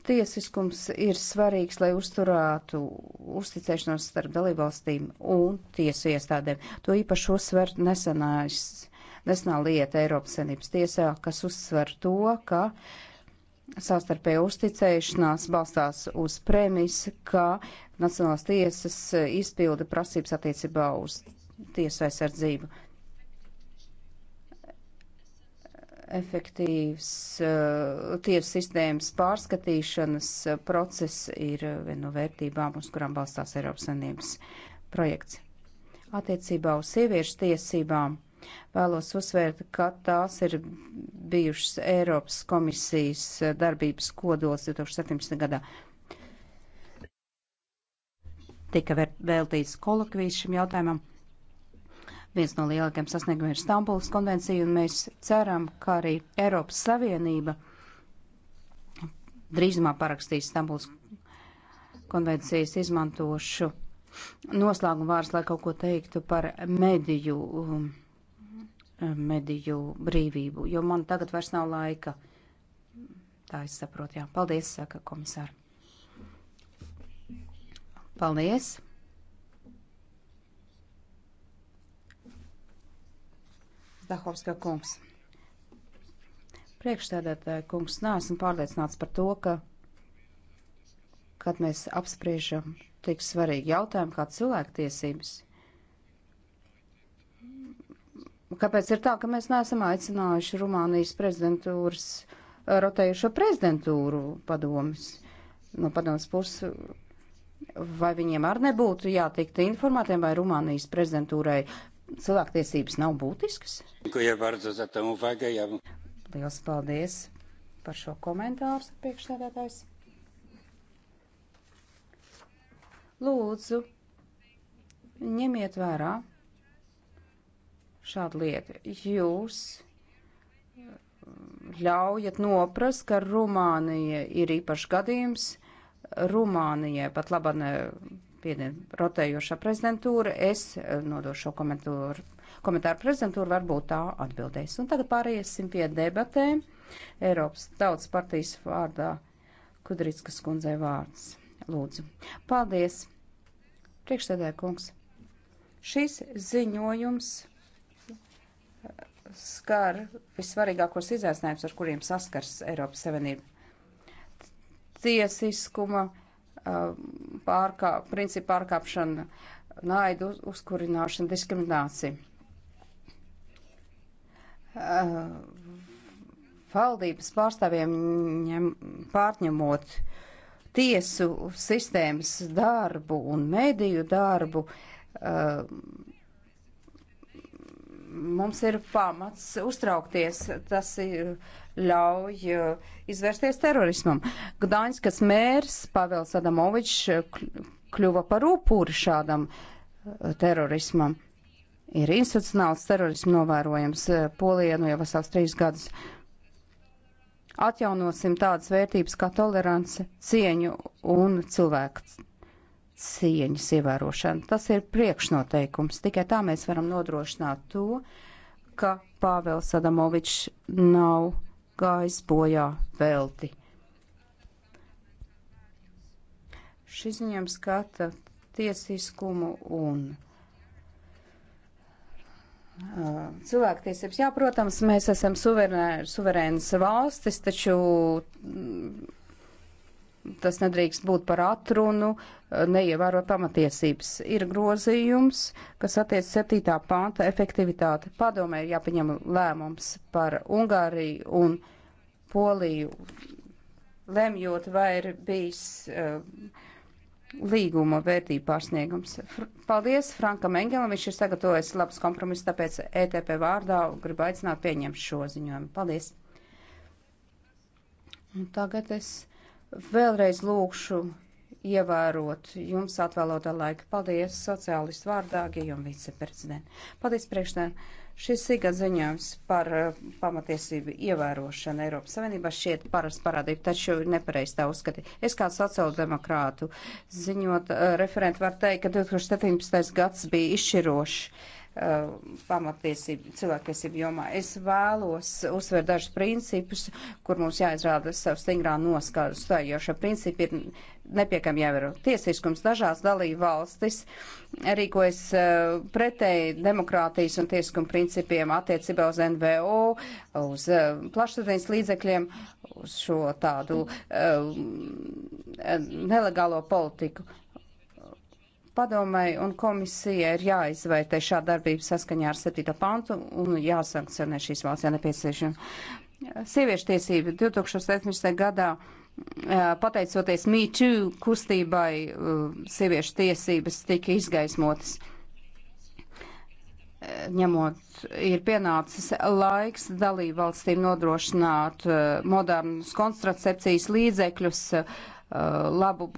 Tiesiskums ir svarīgs, lai uzturētu uzticēšanos starp dalībvalstīm un tiesu iestādēm. To īpaši uzsver nesenās, nesenā lieta Eiropas Savienības tiesā, kas uzsver to, ka savstarpēja uzticēšanās balstās uz premisi, ka Nacionālās tiesas izpilda prasības attiecībā uz tiesu aizsardzību. efektīvs uh, tiesu sistēmas pārskatīšanas eh, process ir eh, viena no vērtībām, uz kurām balstās Eiropas Savienības projekts. Attiecībā uz sieviešu tiesībām vēlos uzsvērt, ka tās ir bijušas Eiropas komisijas darbības kodols 2017. gadā. Tika veltīts kolokvijas šim jautājumam Viens no lielākiem sasniegumiem ir Stambulas konvencija, un mēs ceram, ka arī Eiropas Savienība drīzumā parakstīs Stambulas konvencijas izmantošu noslēgumu vārds, lai kaut ko teiktu par mediju, um, mediju brīvību, jo man tagad vairs nav laika. Tā es saprotu, jā. Paldies, saka komisāra. Paldies! Stahovska kungs. Priekšstādātāja kungs, neesmu pārliecināts par to, ka, kad mēs apspriežam tik svarīgi jautājumu kā cilvēktiesības, kāpēc ir tā, ka mēs neesam aicinājuši Rumānijas prezidentūras, rotējušo prezidentūru padomis, no padomas puses, vai viņiem arī nebūtu jātikt informētiem, vai Rumānijas prezidentūrai cilvēktiesības nav būtiskas? Lielas paldies par šo komentāru, priekšsēdētājs. Lūdzu, ņemiet vērā šādu lietu. Jūs eh, ļaujat noprast, ka Rumānija ir īpašs gadījums. Rumānijai pat labāk piedien rotējošā prezidentūra, es eh, nodošu šo komentāru, komentāru prezidentūru, varbūt tā atbildēs. Un tagad pāriesim pie debatēm. Eiropas tautas partijas vārdā Kudrickas kundzei vārds. Lūdzu. Paldies. Priekšsēdē, kungs. Šis ziņojums eh, skar visvarīgākos izaicinājumus, ar kuriem saskars Eiropas Savienība. Tiesiskuma Um, pārkā, principu pārkāpšana, naidu uzkurināšana, diskriminācija. Uh, valdības pārstāvjiem ņem, pārņemot tiesu sistēmas darbu un mediju darbu, uh, mums ir pamats uztraukties. Tas ir, ļauj uh, izvērsties terorismam. Gdaņskas mērs Pavels Adamovičs uh, kļuva par upuri šādam uh, terorismam. Ir institucionāls terorismu novērojams Polijā nu jau vesels trīs gadus. Atjaunosim tādas vērtības kā tolerance, cieņu un cilvēku cieņas ievērošana. Tas ir priekšnoteikums. Tikai tā mēs varam nodrošināt to, ka Pāvils Adamovičs nav gājis bojā velti. Šis viņam skata tiesiskumu un uh, cilvēktiesības. Jā, protams, mēs esam suverēnas valstis, taču mm, Tas nedrīkst būt par atrunu, neievēro pamatiesības. Ir grozījums, kas attiec 7. panta efektivitāti. Padomē ir jāpieņem lēmums par Ungāriju un Poliju, lemjot, vai ir bijis uh, līguma vērtība pārsniegums. Fr Paldies Frankam Engelam, viņš ir sagatavojis labs kompromiss, tāpēc ETP vārdā gribu aicināt pieņemt šo ziņojumu. Paldies! Un tagad es Vēlreiz lūkšu ievērot jums atvēlotā laika. Paldies sociālistu vārdā, Gijom viceprezident. Paldies priekšnē. Šis sīkā ziņojums par eh, pamatiesību ievērošanu Eiropas Savienībā šķiet parasts parādība, taču nepareiz tā uzskati. Es kā sociāldemokrātu ziņot eh, referentu varu teikt, ka 2017. gads bija izšķirošs Uh, pamattiesību, cilvēktiesību jomā. Es vēlos uzsvērt dažus principus, kur mums jāizrāda savu stingrā noskaru stājošo principu ir nepiekam jāvēro. Tiesiskums dažās dalība valstis rīkojas uh, pretēji demokrātijas un tiesiskuma principiem attiecībā uz NVO, uz uh, plašsaziņas līdzekļiem, uz šo tādu nelegālo politiku. Padomai un komisija ir jāizvērtē šā darbība saskaņā ar 7. pantu un jāsankcionē šīs valsts, ja nepieciešama. Sieviešu tiesība 2017. gadā pateicoties MeToo kustībai, sieviešu tiesības tika izgaismotas. Ņemot, ir pienācis laiks dalību valstīm nodrošināt modernus kontracepcijas līdzekļus Uh, labu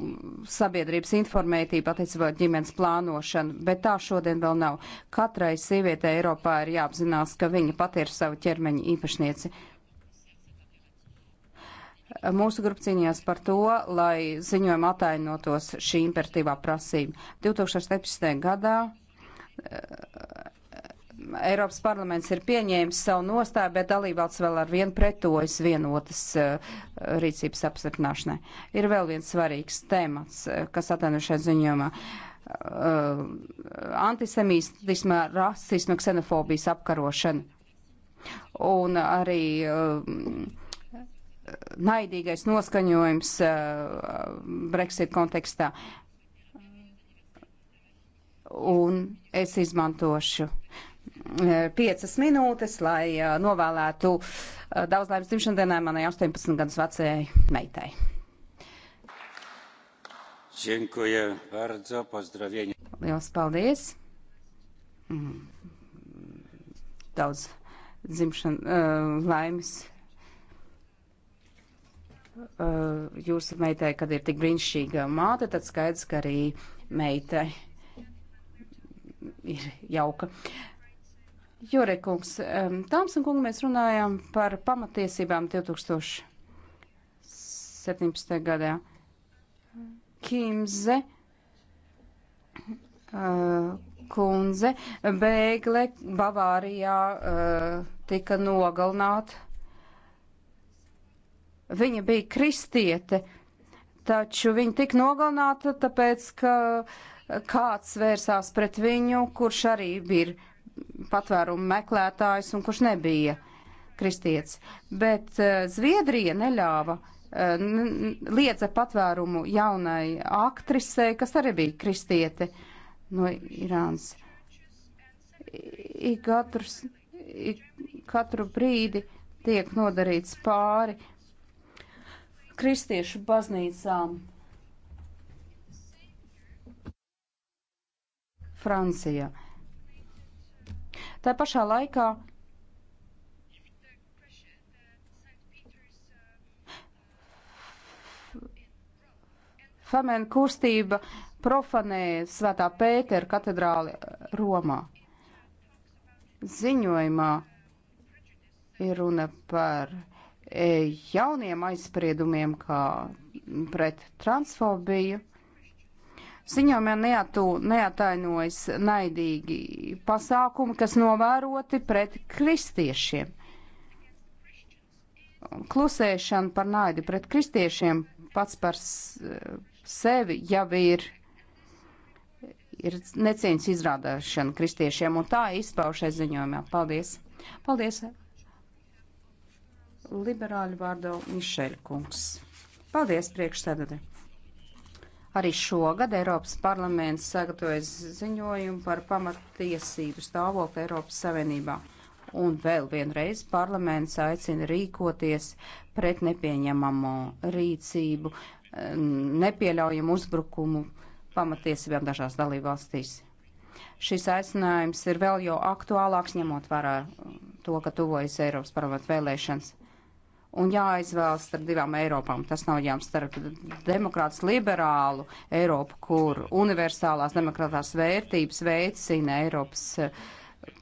sabiedrības informētību attiecībā ģimenes plānošanu, bet tā šodien vēl nav. Katrai sievietei Eiropā ir jāapzinās, ka viņa pat ir savu ķermeņa īpašnieci. Mūsu grupa cīnījās par to, lai ziņojuma atainotos šī imperatīvā prasība. 2017. gadā Eiropas parlaments ir pieņēmis savu nostāju, bet dalībvalsts vēl ar vienu pretojas vienotas eh, rīcības apstiprināšanai. Ir vēl viens svarīgs temats, eh, kas atainu šajā ziņojumā. Eh, antisemītisma, rasisma, ksenofobijas apkarošana un arī naidīgais noskaņojums Brexit kontekstā. Un es izmantošu piecas minūtes, lai novēlētu daudz laimes dzimšandienai manai 18 gadus vecajai meitai. Lielas paldies! Mm. Daudz dzimšana, laimes jūsu meitai, kad ir tik brīnišķīga māte, tad skaidrs, ka arī meitai ir jauka. Jurekungs, Tāms un kungi, mēs runājam par pamatiesībām 2017. gadā. Kimze, uh, kundze, bēgle Bavārijā uh, tika nogalnāta. Viņa bija kristiete, taču viņa tika nogalnāta, tāpēc, ka eh, kāds vērsās pret viņu, kurš arī bija patvērumu meklētājs un kurš nebija kristietis. Bet eh, Zviedrija neļāva, eh, liedza patvērumu jaunai aktrisei, kas arī bija kristiete no Irānas. Ik katrs, ik katru brīdi tiek nodarīts pāri kristiešu baznīcām Francijā. Tā pašā laikā Femēna kustība profanē Svētā Pētera katedrāli Romā. Ziņojumā ir runa par eh, jauniem aizspriedumiem, kā pret transfobiju. Ziņojumā neatainojas naidīgi pasākumi, kas novēroti pret kristiešiem. Klusēšana par naidu pret kristiešiem pats par sevi jau ir, ir necieņas izrādāšana kristiešiem, un tā izpaušai ziņojumā. Paldies! Paldies! Liberāļu vārdā Mišeļkungs. Paldies, priekšsēdētāji! Arī šogad Eiropas parlaments sagatavojas ziņojumu par pamatiesību stāvokli Eiropas Savienībā. Un vēl vienreiz parlaments aicina rīkoties pret nepieņemamo rīcību, nepieļaujamu uzbrukumu pamatiesībām dažās dalībvalstīs. Šis aicinājums ir vēl jau aktuālāks, ņemot vērā to, ka tuvojas Eiropas parlamenta vēlēšanas un jāizvēlas starp divām Eiropām. Tas nav jām starp demokrātus liberālu Eiropu, kur universālās demokrātās vērtības veicina Eiropas eh,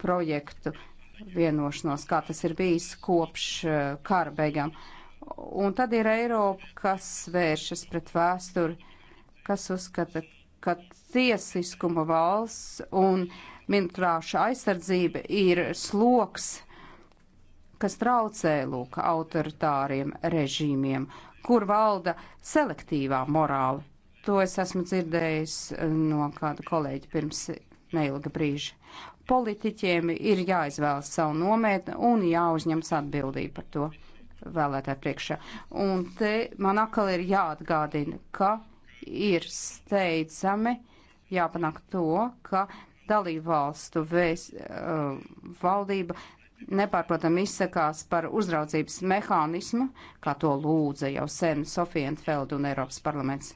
projektu vienošanos, kā tas ir bijis kopš eh, kara beigām. Un tad ir Eiropa, kas vēršas pret vēsturi, kas uzskata, ka tiesiskuma valsts un minoritāšu aizsardzība ir sloks kas traucē lūk autoritāriem režīmiem, kur valda selektīvā morāla. To es esmu dzirdējis eh, no kāda kolēģa pirms neilga brīža. Politiķiem ir jāizvēlas savu nometni un jāuzņems atbildība par to vēlētāju priekšā. Un te man atkal ir jāatgādina, ka ir steidzami jāpanāk to, ka dalībvalstu vēs, uh, valdība nepārprotami izsakās par uzraudzības mehānismu, kā to lūdza jau sen Sofija Entfelda un Eiropas parlaments.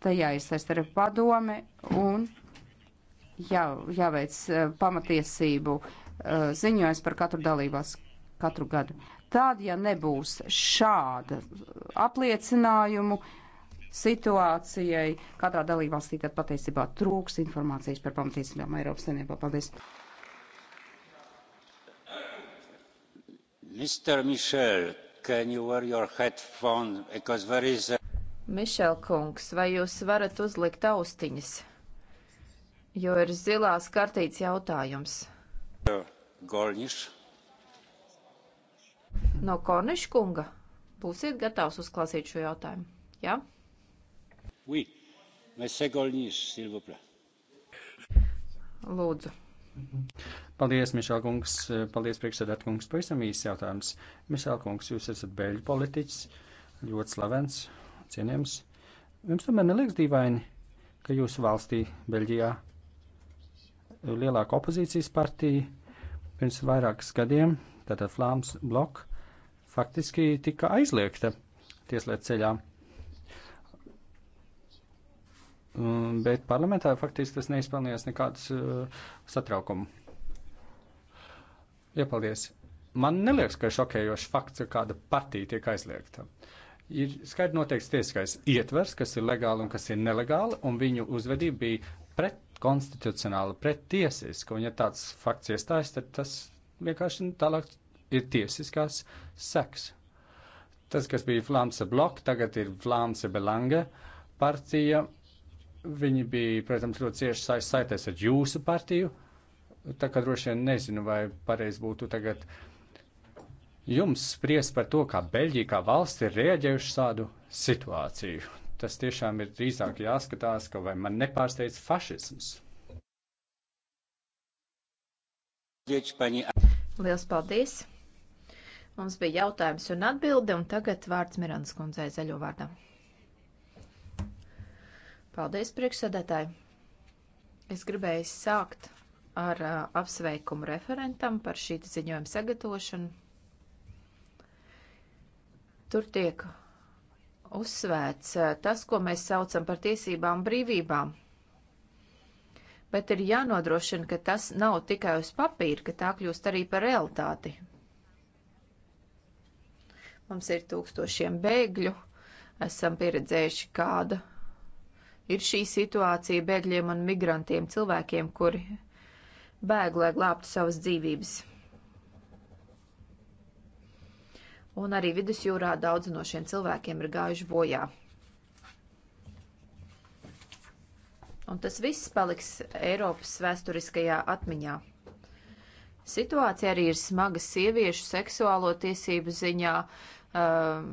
Tajā iesaist arī padome un jā, jāveic eh, pamatiesību eh, ziņojums par katru dalībās katru gadu. Tad, ja nebūs šāda apliecinājumu, situācijai. Katrā dalībvalstī tad patiesībā trūks informācijas par pamatiesībām Eiropas Savienībā. Paldies! Mr. Michel, can you wear your headphone because there is a... Mišel kungs, vai jūs varat uzlikt austiņas? Jo ir zilās kartīts jautājums. Golniš. No Korniša kunga. Būsiet gatavs uzklāsīt šo jautājumu. Jā? Ja? Oui. Monsieur Golniš, s'il vous plaît. Lūdzu. Paldies, Mišēl kungs, paldies, priekšsēdēt kungs, pavisam īsts jautājums. Mišēl kungs, jūs esat beļu politiķis, ļoti slavens, cienījams. Jums tomēr neliks dīvaini, ka jūsu valstī, Beļģijā, lielāka opozīcijas partija pirms vairākas gadiem, tātad Flāms Blok, faktiski tika aizliegta tieslietu ceļā. Mm, bet parlamentā faktiski tas neizpelnījās nekādus uh, satraukumu. Iepaldies. Man neliekas, ka ir šokējošs fakts, ka kāda partija tiek aizliegta. Ir skaidri noteikts tiesiskais ietvers, kas ir legāli un kas ir nelegāli, un viņu uzvedība bija pretkonstitucionāla, prettiesiska, un ja tāds fakts iestājas, tad tas vienkārši nu, tālāk ir tiesiskās seks. Tas, kas bija Flāmsa Blok, tagad ir Flāmsa Belange partija, Viņi bija, protams, ļoti cieši saistēs ar jūsu partiju. Tā kā droši vien nezinu, vai pareizi būtu tagad jums spriest par to, kā Beļģija kā valsts ir rēģējuši šādu situāciju. Tas tiešām ir drīzāk jāskatās, ka vai man nepārsteidz fašisms. Liels paldies! Mums bija jautājums un atbilde, un tagad vārds Mirandas kundzei zaļo vārdā. Paldies, priekšsēdētāji! Es gribēju sākt ar uh, apsveikumu referentam par šī ziņojuma sagatavošanu. Tur tiek uzsvērts uh, tas, ko mēs saucam par tiesībām brīvībām. Bet ir jānodrošina, ka tas nav tikai uz papīra, ka tā kļūst arī par realitāti. Mums ir tūkstošiem bēgļu, esam pieredzējuši, kāda ir šī situācija bēgļiem un migrantiem, cilvēkiem, kuri bēg, lai glābtu savas dzīvības. Un arī vidusjūrā daudz no šiem cilvēkiem ir gājuši bojā. Un tas viss paliks Eiropas vēsturiskajā atmiņā. Situācija arī ir smaga sieviešu seksuālo tiesību ziņā, um,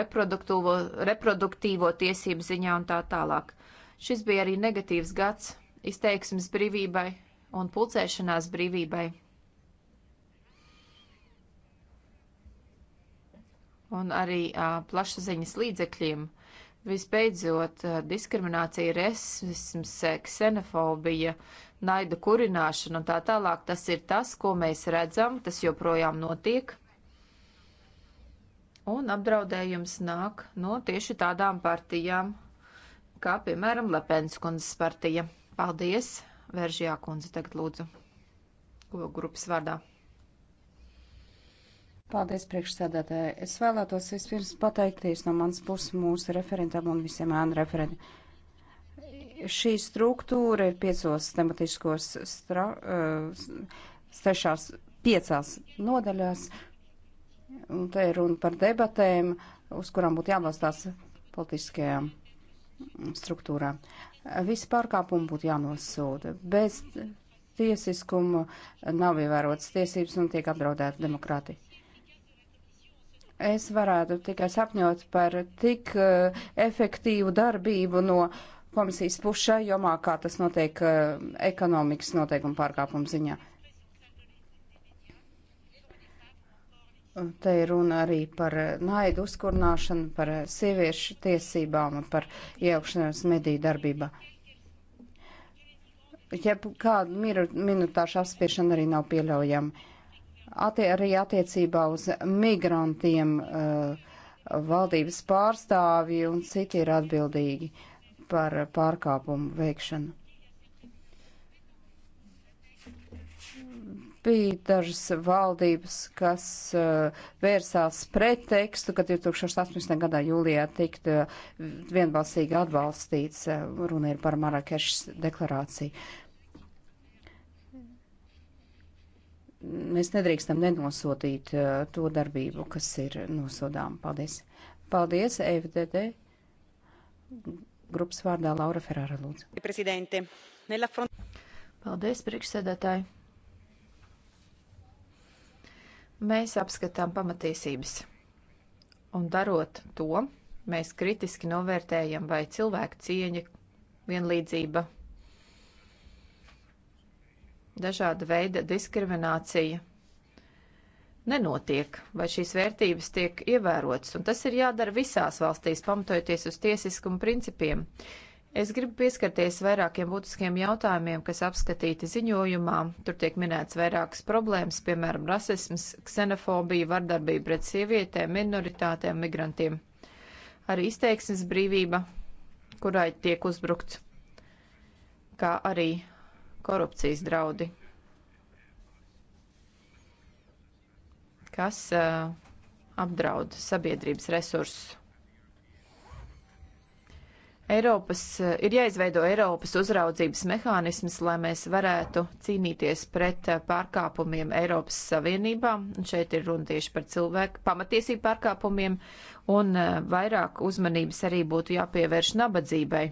reproduktīvo, reproduktīvo tiesību ziņā un tā tālāk. Šis bija arī negatīvs gads izteiksmes brīvībai un pulcēšanās brīvībai. Un arī uh, plašsaziņas līdzekļiem. Visbeidzot, uh, diskriminācija, rasisms, ksenofobija, naida kurināšana un tā tālāk, tas ir tas, ko mēs redzam, tas joprojām notiek. Un apdraudējums nāk no tieši tādām partijām kā piemēram Lepens kundzes partija. Paldies, Veržijā kundze, tagad lūdzu, ko grupas vārdā. Paldies, priekšsēdētāji. Es vēlētos vispirms pateikties no manas puses mūsu referentam un visiem ēnu referentiem. Šī struktūra ir piecos tematiskos stra, uh, sešās, piecās nodaļās. Un te ir runa par debatēm, uz kurām būtu jābalstās politiskajām struktūrā. Visi pārkāpumi būtu jānosoda. Bez tiesiskuma nav ievērotas tiesības un tiek apdraudēta demokrātija. Es varētu tikai sapņot par tik uh, efektīvu darbību no komisijas pušai jomā, kā tas notiek uh, ekonomikas noteikuma pārkāpuma ziņā. Uh, Te ir runa arī par eh, naidu uzkurnāšanu, par eh, sieviešu tiesībām un par iejaukšanos mediju darbībā. Ja kāda minutāša apspiešana arī nav pieļaujama. Atie, arī attiecībā uz migrantiem uh, valdības pārstāvji un citi ir atbildīgi par pārkāpumu veikšanu. Bija dažas valdības, kas uh, vērsās pret tekstu, ka 2018. gadā jūlijā tikt uh, vienbalsīgi atbalstīts, uh, runa ir par Marakešas deklarāciju. Mēs nedrīkstam nenosodīt uh, to darbību, kas ir nosodām. Paldies. Paldies, FDD grupas vārdā Laura Ferrara lūdzu. Paldies, priekšsēdētāji. Mēs apskatām pamatiesības. Un darot to, mēs kritiski novērtējam, vai cilvēka cieņa, vienlīdzība, dažāda veida diskriminācija nenotiek, vai šīs vērtības tiek ievērotas, un tas ir jādara visās valstīs, pamatojoties uz tiesiskumu principiem. Es gribu pieskarties vairākiem būtiskiem jautājumiem, kas apskatīti ziņojumā. Tur tiek minēts vairākas problēmas, piemēram, rasisms, ksenofobija, vardarbība pret sievietēm, minoritātēm, migrantiem. Arī izteiksmes brīvība, kurai tiek uzbrukts, kā arī korupcijas draudi, kas uh, apdraud sabiedrības resursus. Eiropas, ir jāizveido Eiropas uzraudzības mehānisms, lai mēs varētu cīnīties pret pārkāpumiem Eiropas Savienībā. Un šeit ir runa tieši par cilvēku pamatiesību pārkāpumiem, un eh, vairāk uzmanības arī būtu jāpievērš nabadzībai.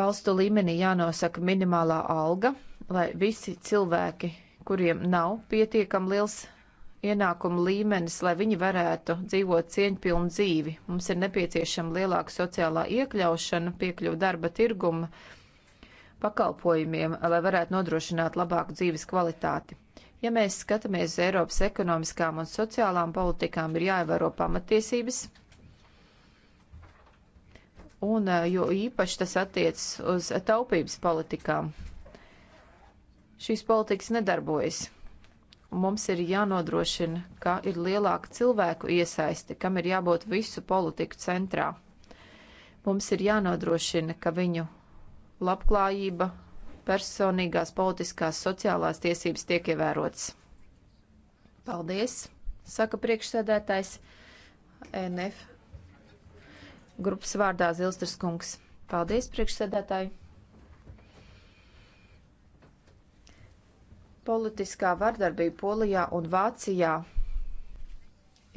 Valstu līmenī jānosaka minimālā alga, lai visi cilvēki, kuriem nav pietiekam liels ienākumu līmenis, lai viņi varētu dzīvot cieņpilnu dzīvi. Mums ir nepieciešama lielāka sociālā iekļaušana, piekļuva darba tirguma pakalpojumiem, lai varētu nodrošināt labāku dzīves kvalitāti. Ja mēs skatāmies uz Eiropas ekonomiskām un sociālām politikām, ir jāievēro pamatiesības. Un eh, jo īpaši tas attiecas uz taupības politikām. Šīs politikas nedarbojas mums ir jānodrošina, ka ir lielāka cilvēku iesaiste, kam ir jābūt visu politiku centrā. Mums ir jānodrošina, ka viņu labklājība, personīgās, politiskās, sociālās tiesības tiek ievērotas. Paldies, saka priekšsēdētājs NF grupas vārdā Zilstras kungs. Paldies, priekšsēdētāji! Politiskā vardarbība Polijā un Vācijā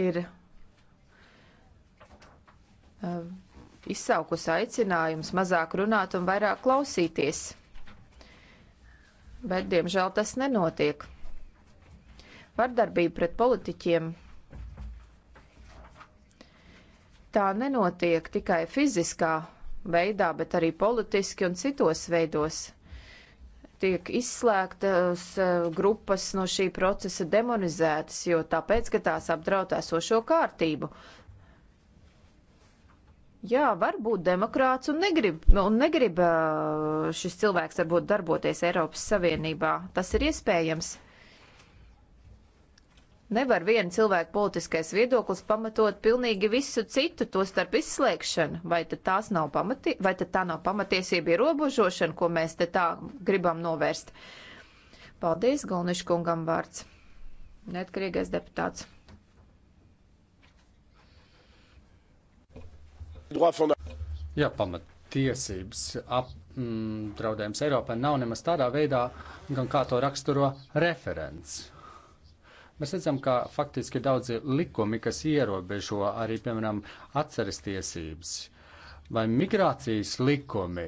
ir eh, izsaukus aicinājums mazāk runāt un vairāk klausīties. Bet, diemžēl, tas nenotiek. Vardarbība pret politiķiem tā nenotiek tikai fiziskā veidā, bet arī politiski un citos veidos tiek izslēgtas eh, grupas no šī procesa demonizētas, jo tāpēc, ka tās apdraud esošo kārtību. Jā, var būt demokrāts un negrib, un negrib eh, šis cilvēks varbūt darboties Eiropas Savienībā. Tas ir iespējams. Nevar viena cilvēka politiskais viedoklis pamatot pilnīgi visu citu, to starp izslēgšanu, vai tad, tās nav pamati, vai tad tā nav pamatiesība ierobežošana, ko mēs te tā gribam novērst. Paldies, Galniškungam vārds. Neatkarīgais deputāts. Jā, pamatiesības apdraudējums mm, Eiropā nav nemaz tādā veidā, gan kā to raksturo referents Mēs redzam, ka faktiski ir daudzi likumi, kas ierobežo arī, piemēram, atceres tiesības vai migrācijas likumi.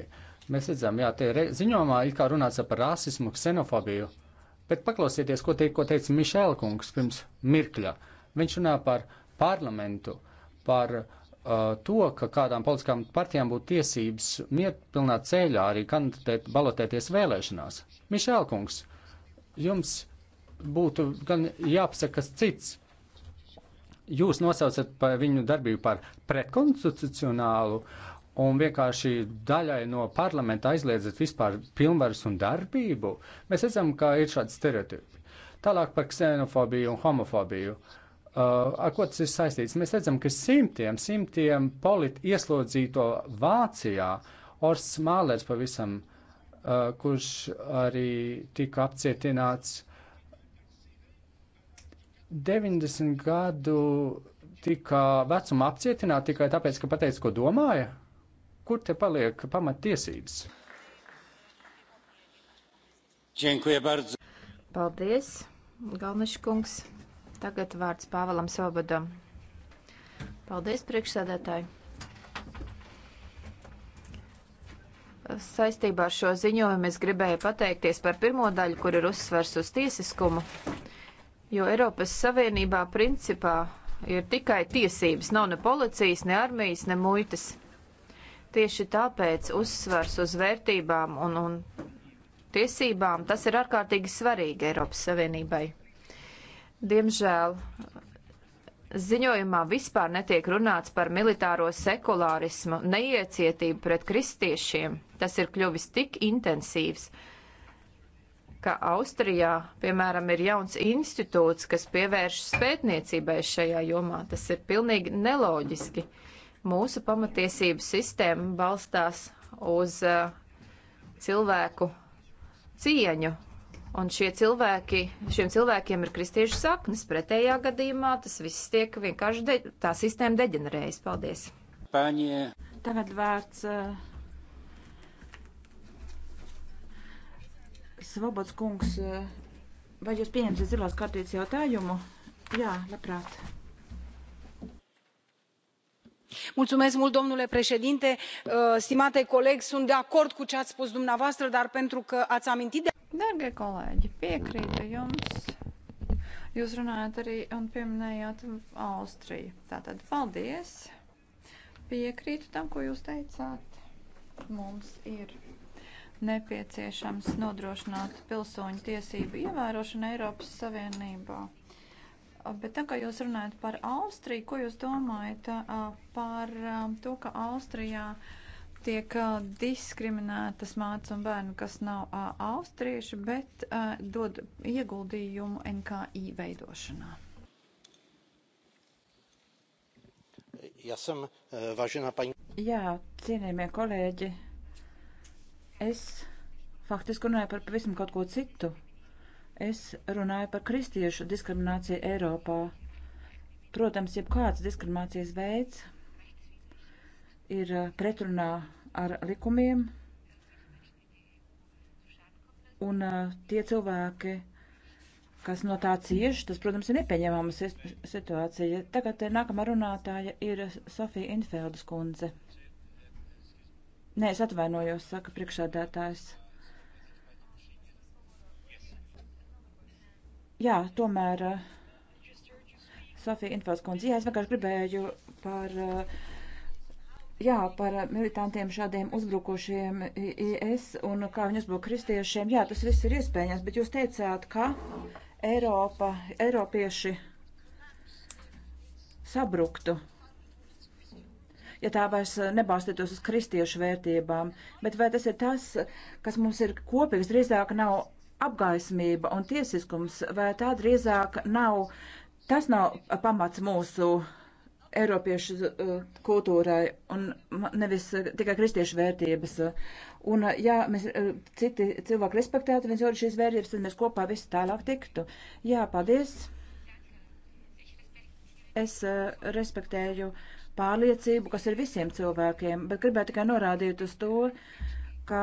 Mēs redzam, jā, te ziņojumā it kā runāts par rasismu, ksenofobiju, bet paklausieties, ko, te, ko teica Mišēla kungs pirms mirkļa. Viņš runā par parlamentu, par uh, to, ka kādām politiskām partijām būtu tiesības mierpilnā ceļā arī kandidēt, balotēties vēlēšanās. Mišēla kungs, jums būtu gan jāpasaka kas cits. Jūs nosaucat par viņu darbību par pretkonstitucionālu un vienkārši daļai no parlamenta aizliedzat vispār pilnvaras un darbību. Mēs redzam, ka ir šādi stereotipi. Tālāk par ksenofobiju un homofobiju. Uh, ar ko tas ir saistīts? Mēs redzam, ka simtiem, simtiem politi ieslodzīto Vācijā Orsts Mālers pavisam, uh, kurš arī tika apcietināts 90 gadu tika vecuma apcietināti tikai tāpēc, ka pateica, ko domāja? Kur te paliek pamatiesības? Paldies, Galniškungs. Tagad vārds Pāvēlam Sobadam. Paldies, priekšsēdētāji. Saistībā ar šo ziņojumu es gribēju pateikties par pirmo daļu, kur ir uzsvers uz tiesiskumu Jo Eiropas Savienībā principā ir tikai tiesības, nav ne policijas, ne armijas, ne muitas. Tieši tāpēc uzsvars uz vērtībām un, un tiesībām tas ir ārkārtīgi svarīgi Eiropas Savienībai. Diemžēl ziņojumā vispār netiek runāts par militāro sekulārismu, neiecietību pret kristiešiem. Tas ir kļuvis tik intensīvs, ka Austrijā, piemēram, ir jauns institūts, kas pievēršas pētniecībai šajā jomā. Tas ir pilnīgi neloģiski. Mūsu pamatiesību sistēma balstās uz uh, cilvēku cieņu, un šie cilvēki, šiem cilvēkiem ir kristiešu saknes. Pretējā gadījumā tas viss tiek vienkārši, de, tā sistēma deģenerējas. Paldies! Pāņie. Tagad vārds. Uh Svabats kungs, eh, vai jūs pieņemsiet zilās kartītes jautājumu? Jā, labprāt. Mulțumesc mult, domnule președinte. Eh, stimate coleg, sunt de acord cu ce ați spus dumneavoastră, dar pentru că ați amintit de... Dargie kolēģi, piekrītu jums. Jūs runājat arī un pieminējāt Austriju. Tātad paldies. Piekrītu tam, ko jūs teicāt. Mums ir nepieciešams nodrošināt pilsoņu tiesību ievērošanu Eiropas Savienībā. Bet tā kā jūs runājat par Austriju, ko jūs domājat par to, ka Austrijā tiek diskriminētas mātes un bērni, kas nav austrieši, bet dod ieguldījumu NKI veidošanā? E, Jā, cienījamie kolēģi, Es faktiski runāju par pavisam kaut ko citu. Es runāju par kristiešu diskrimināciju Eiropā. Protams, jebkāds diskriminācijas veids ir eh, pretrunā ar likumiem, un eh, tie cilvēki, kas no tā cieši, tas, protams, ir nepieņemama situācija. Tagad eh, nākamā runātāja ir Sofija Infeldes kundze. Nē, es atvainojos, saka priekšādātājs. Jā, tomēr, eh, Sofija Infos kundze, jā, es vienkārši gribēju par, eh, jā, par militantiem šādiem uzbrukošiem IS un kā viņi uzbruk kristiešiem. Jā, tas viss ir iespējams, bet jūs teicāt, ka Eiropa, Eiropieši sabruktu ja tā vairs eh, nebāstītos uz kristiešu vērtībām. Bet vai tas ir tas, kas mums ir kopīgs, drīzāk nav apgaismība un tiesiskums, vai tā drīzāk nav, tas nav pamats mūsu Eiropiešu eh, kultūrai un nevis tikai kristiešu vērtības. Un eh, ja mēs citi cilvēki respektētu viens otru šīs vērtības, tad mēs kopā visi tālāk tiktu. Jā, paldies. Es respektēju pārliecību, kas ir visiem cilvēkiem, bet gribētu tikai norādīt uz to, ka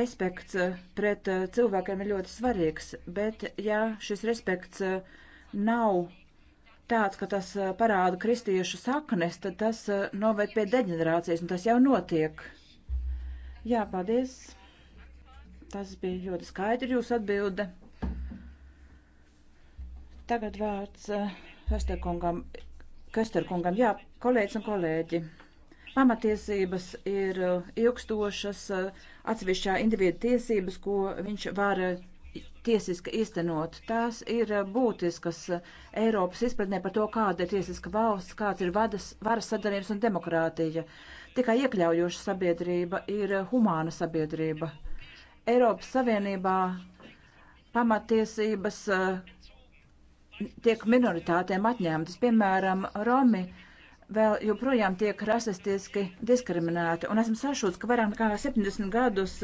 respekts eh, pret eh, cilvēkiem ir ļoti svarīgs, bet ja šis respekts eh, nav tāds, ka tas parāda kristiešu saknes, tad tas noved pie deģenerācijas, un tas jau notiek. Jā, paldies. Tas bija ļoti skaidri jūsu atbilde. Tagad vārds Festekungam. Kesterkungam. Jā, kolēģis un kolēģi. Pamatiesības ir ilgstošas atsevišķā individu tiesības, ko viņš var tiesiski īstenot. Tās ir būtiskas Eiropas izpratnē par to, kāda ir tiesiska valsts, kāds ir vadas, varas sadalījums un demokrātija. Tikai iekļaujoša sabiedrība ir humāna sabiedrība. Eiropas Savienībā pamatiesības uh, tiek minoritātēm atņemtas, piemēram, Romi vēl joprojām tiek rasistiski diskriminēti. Un esmu sašūts, ka vairāk nekā 70 gadus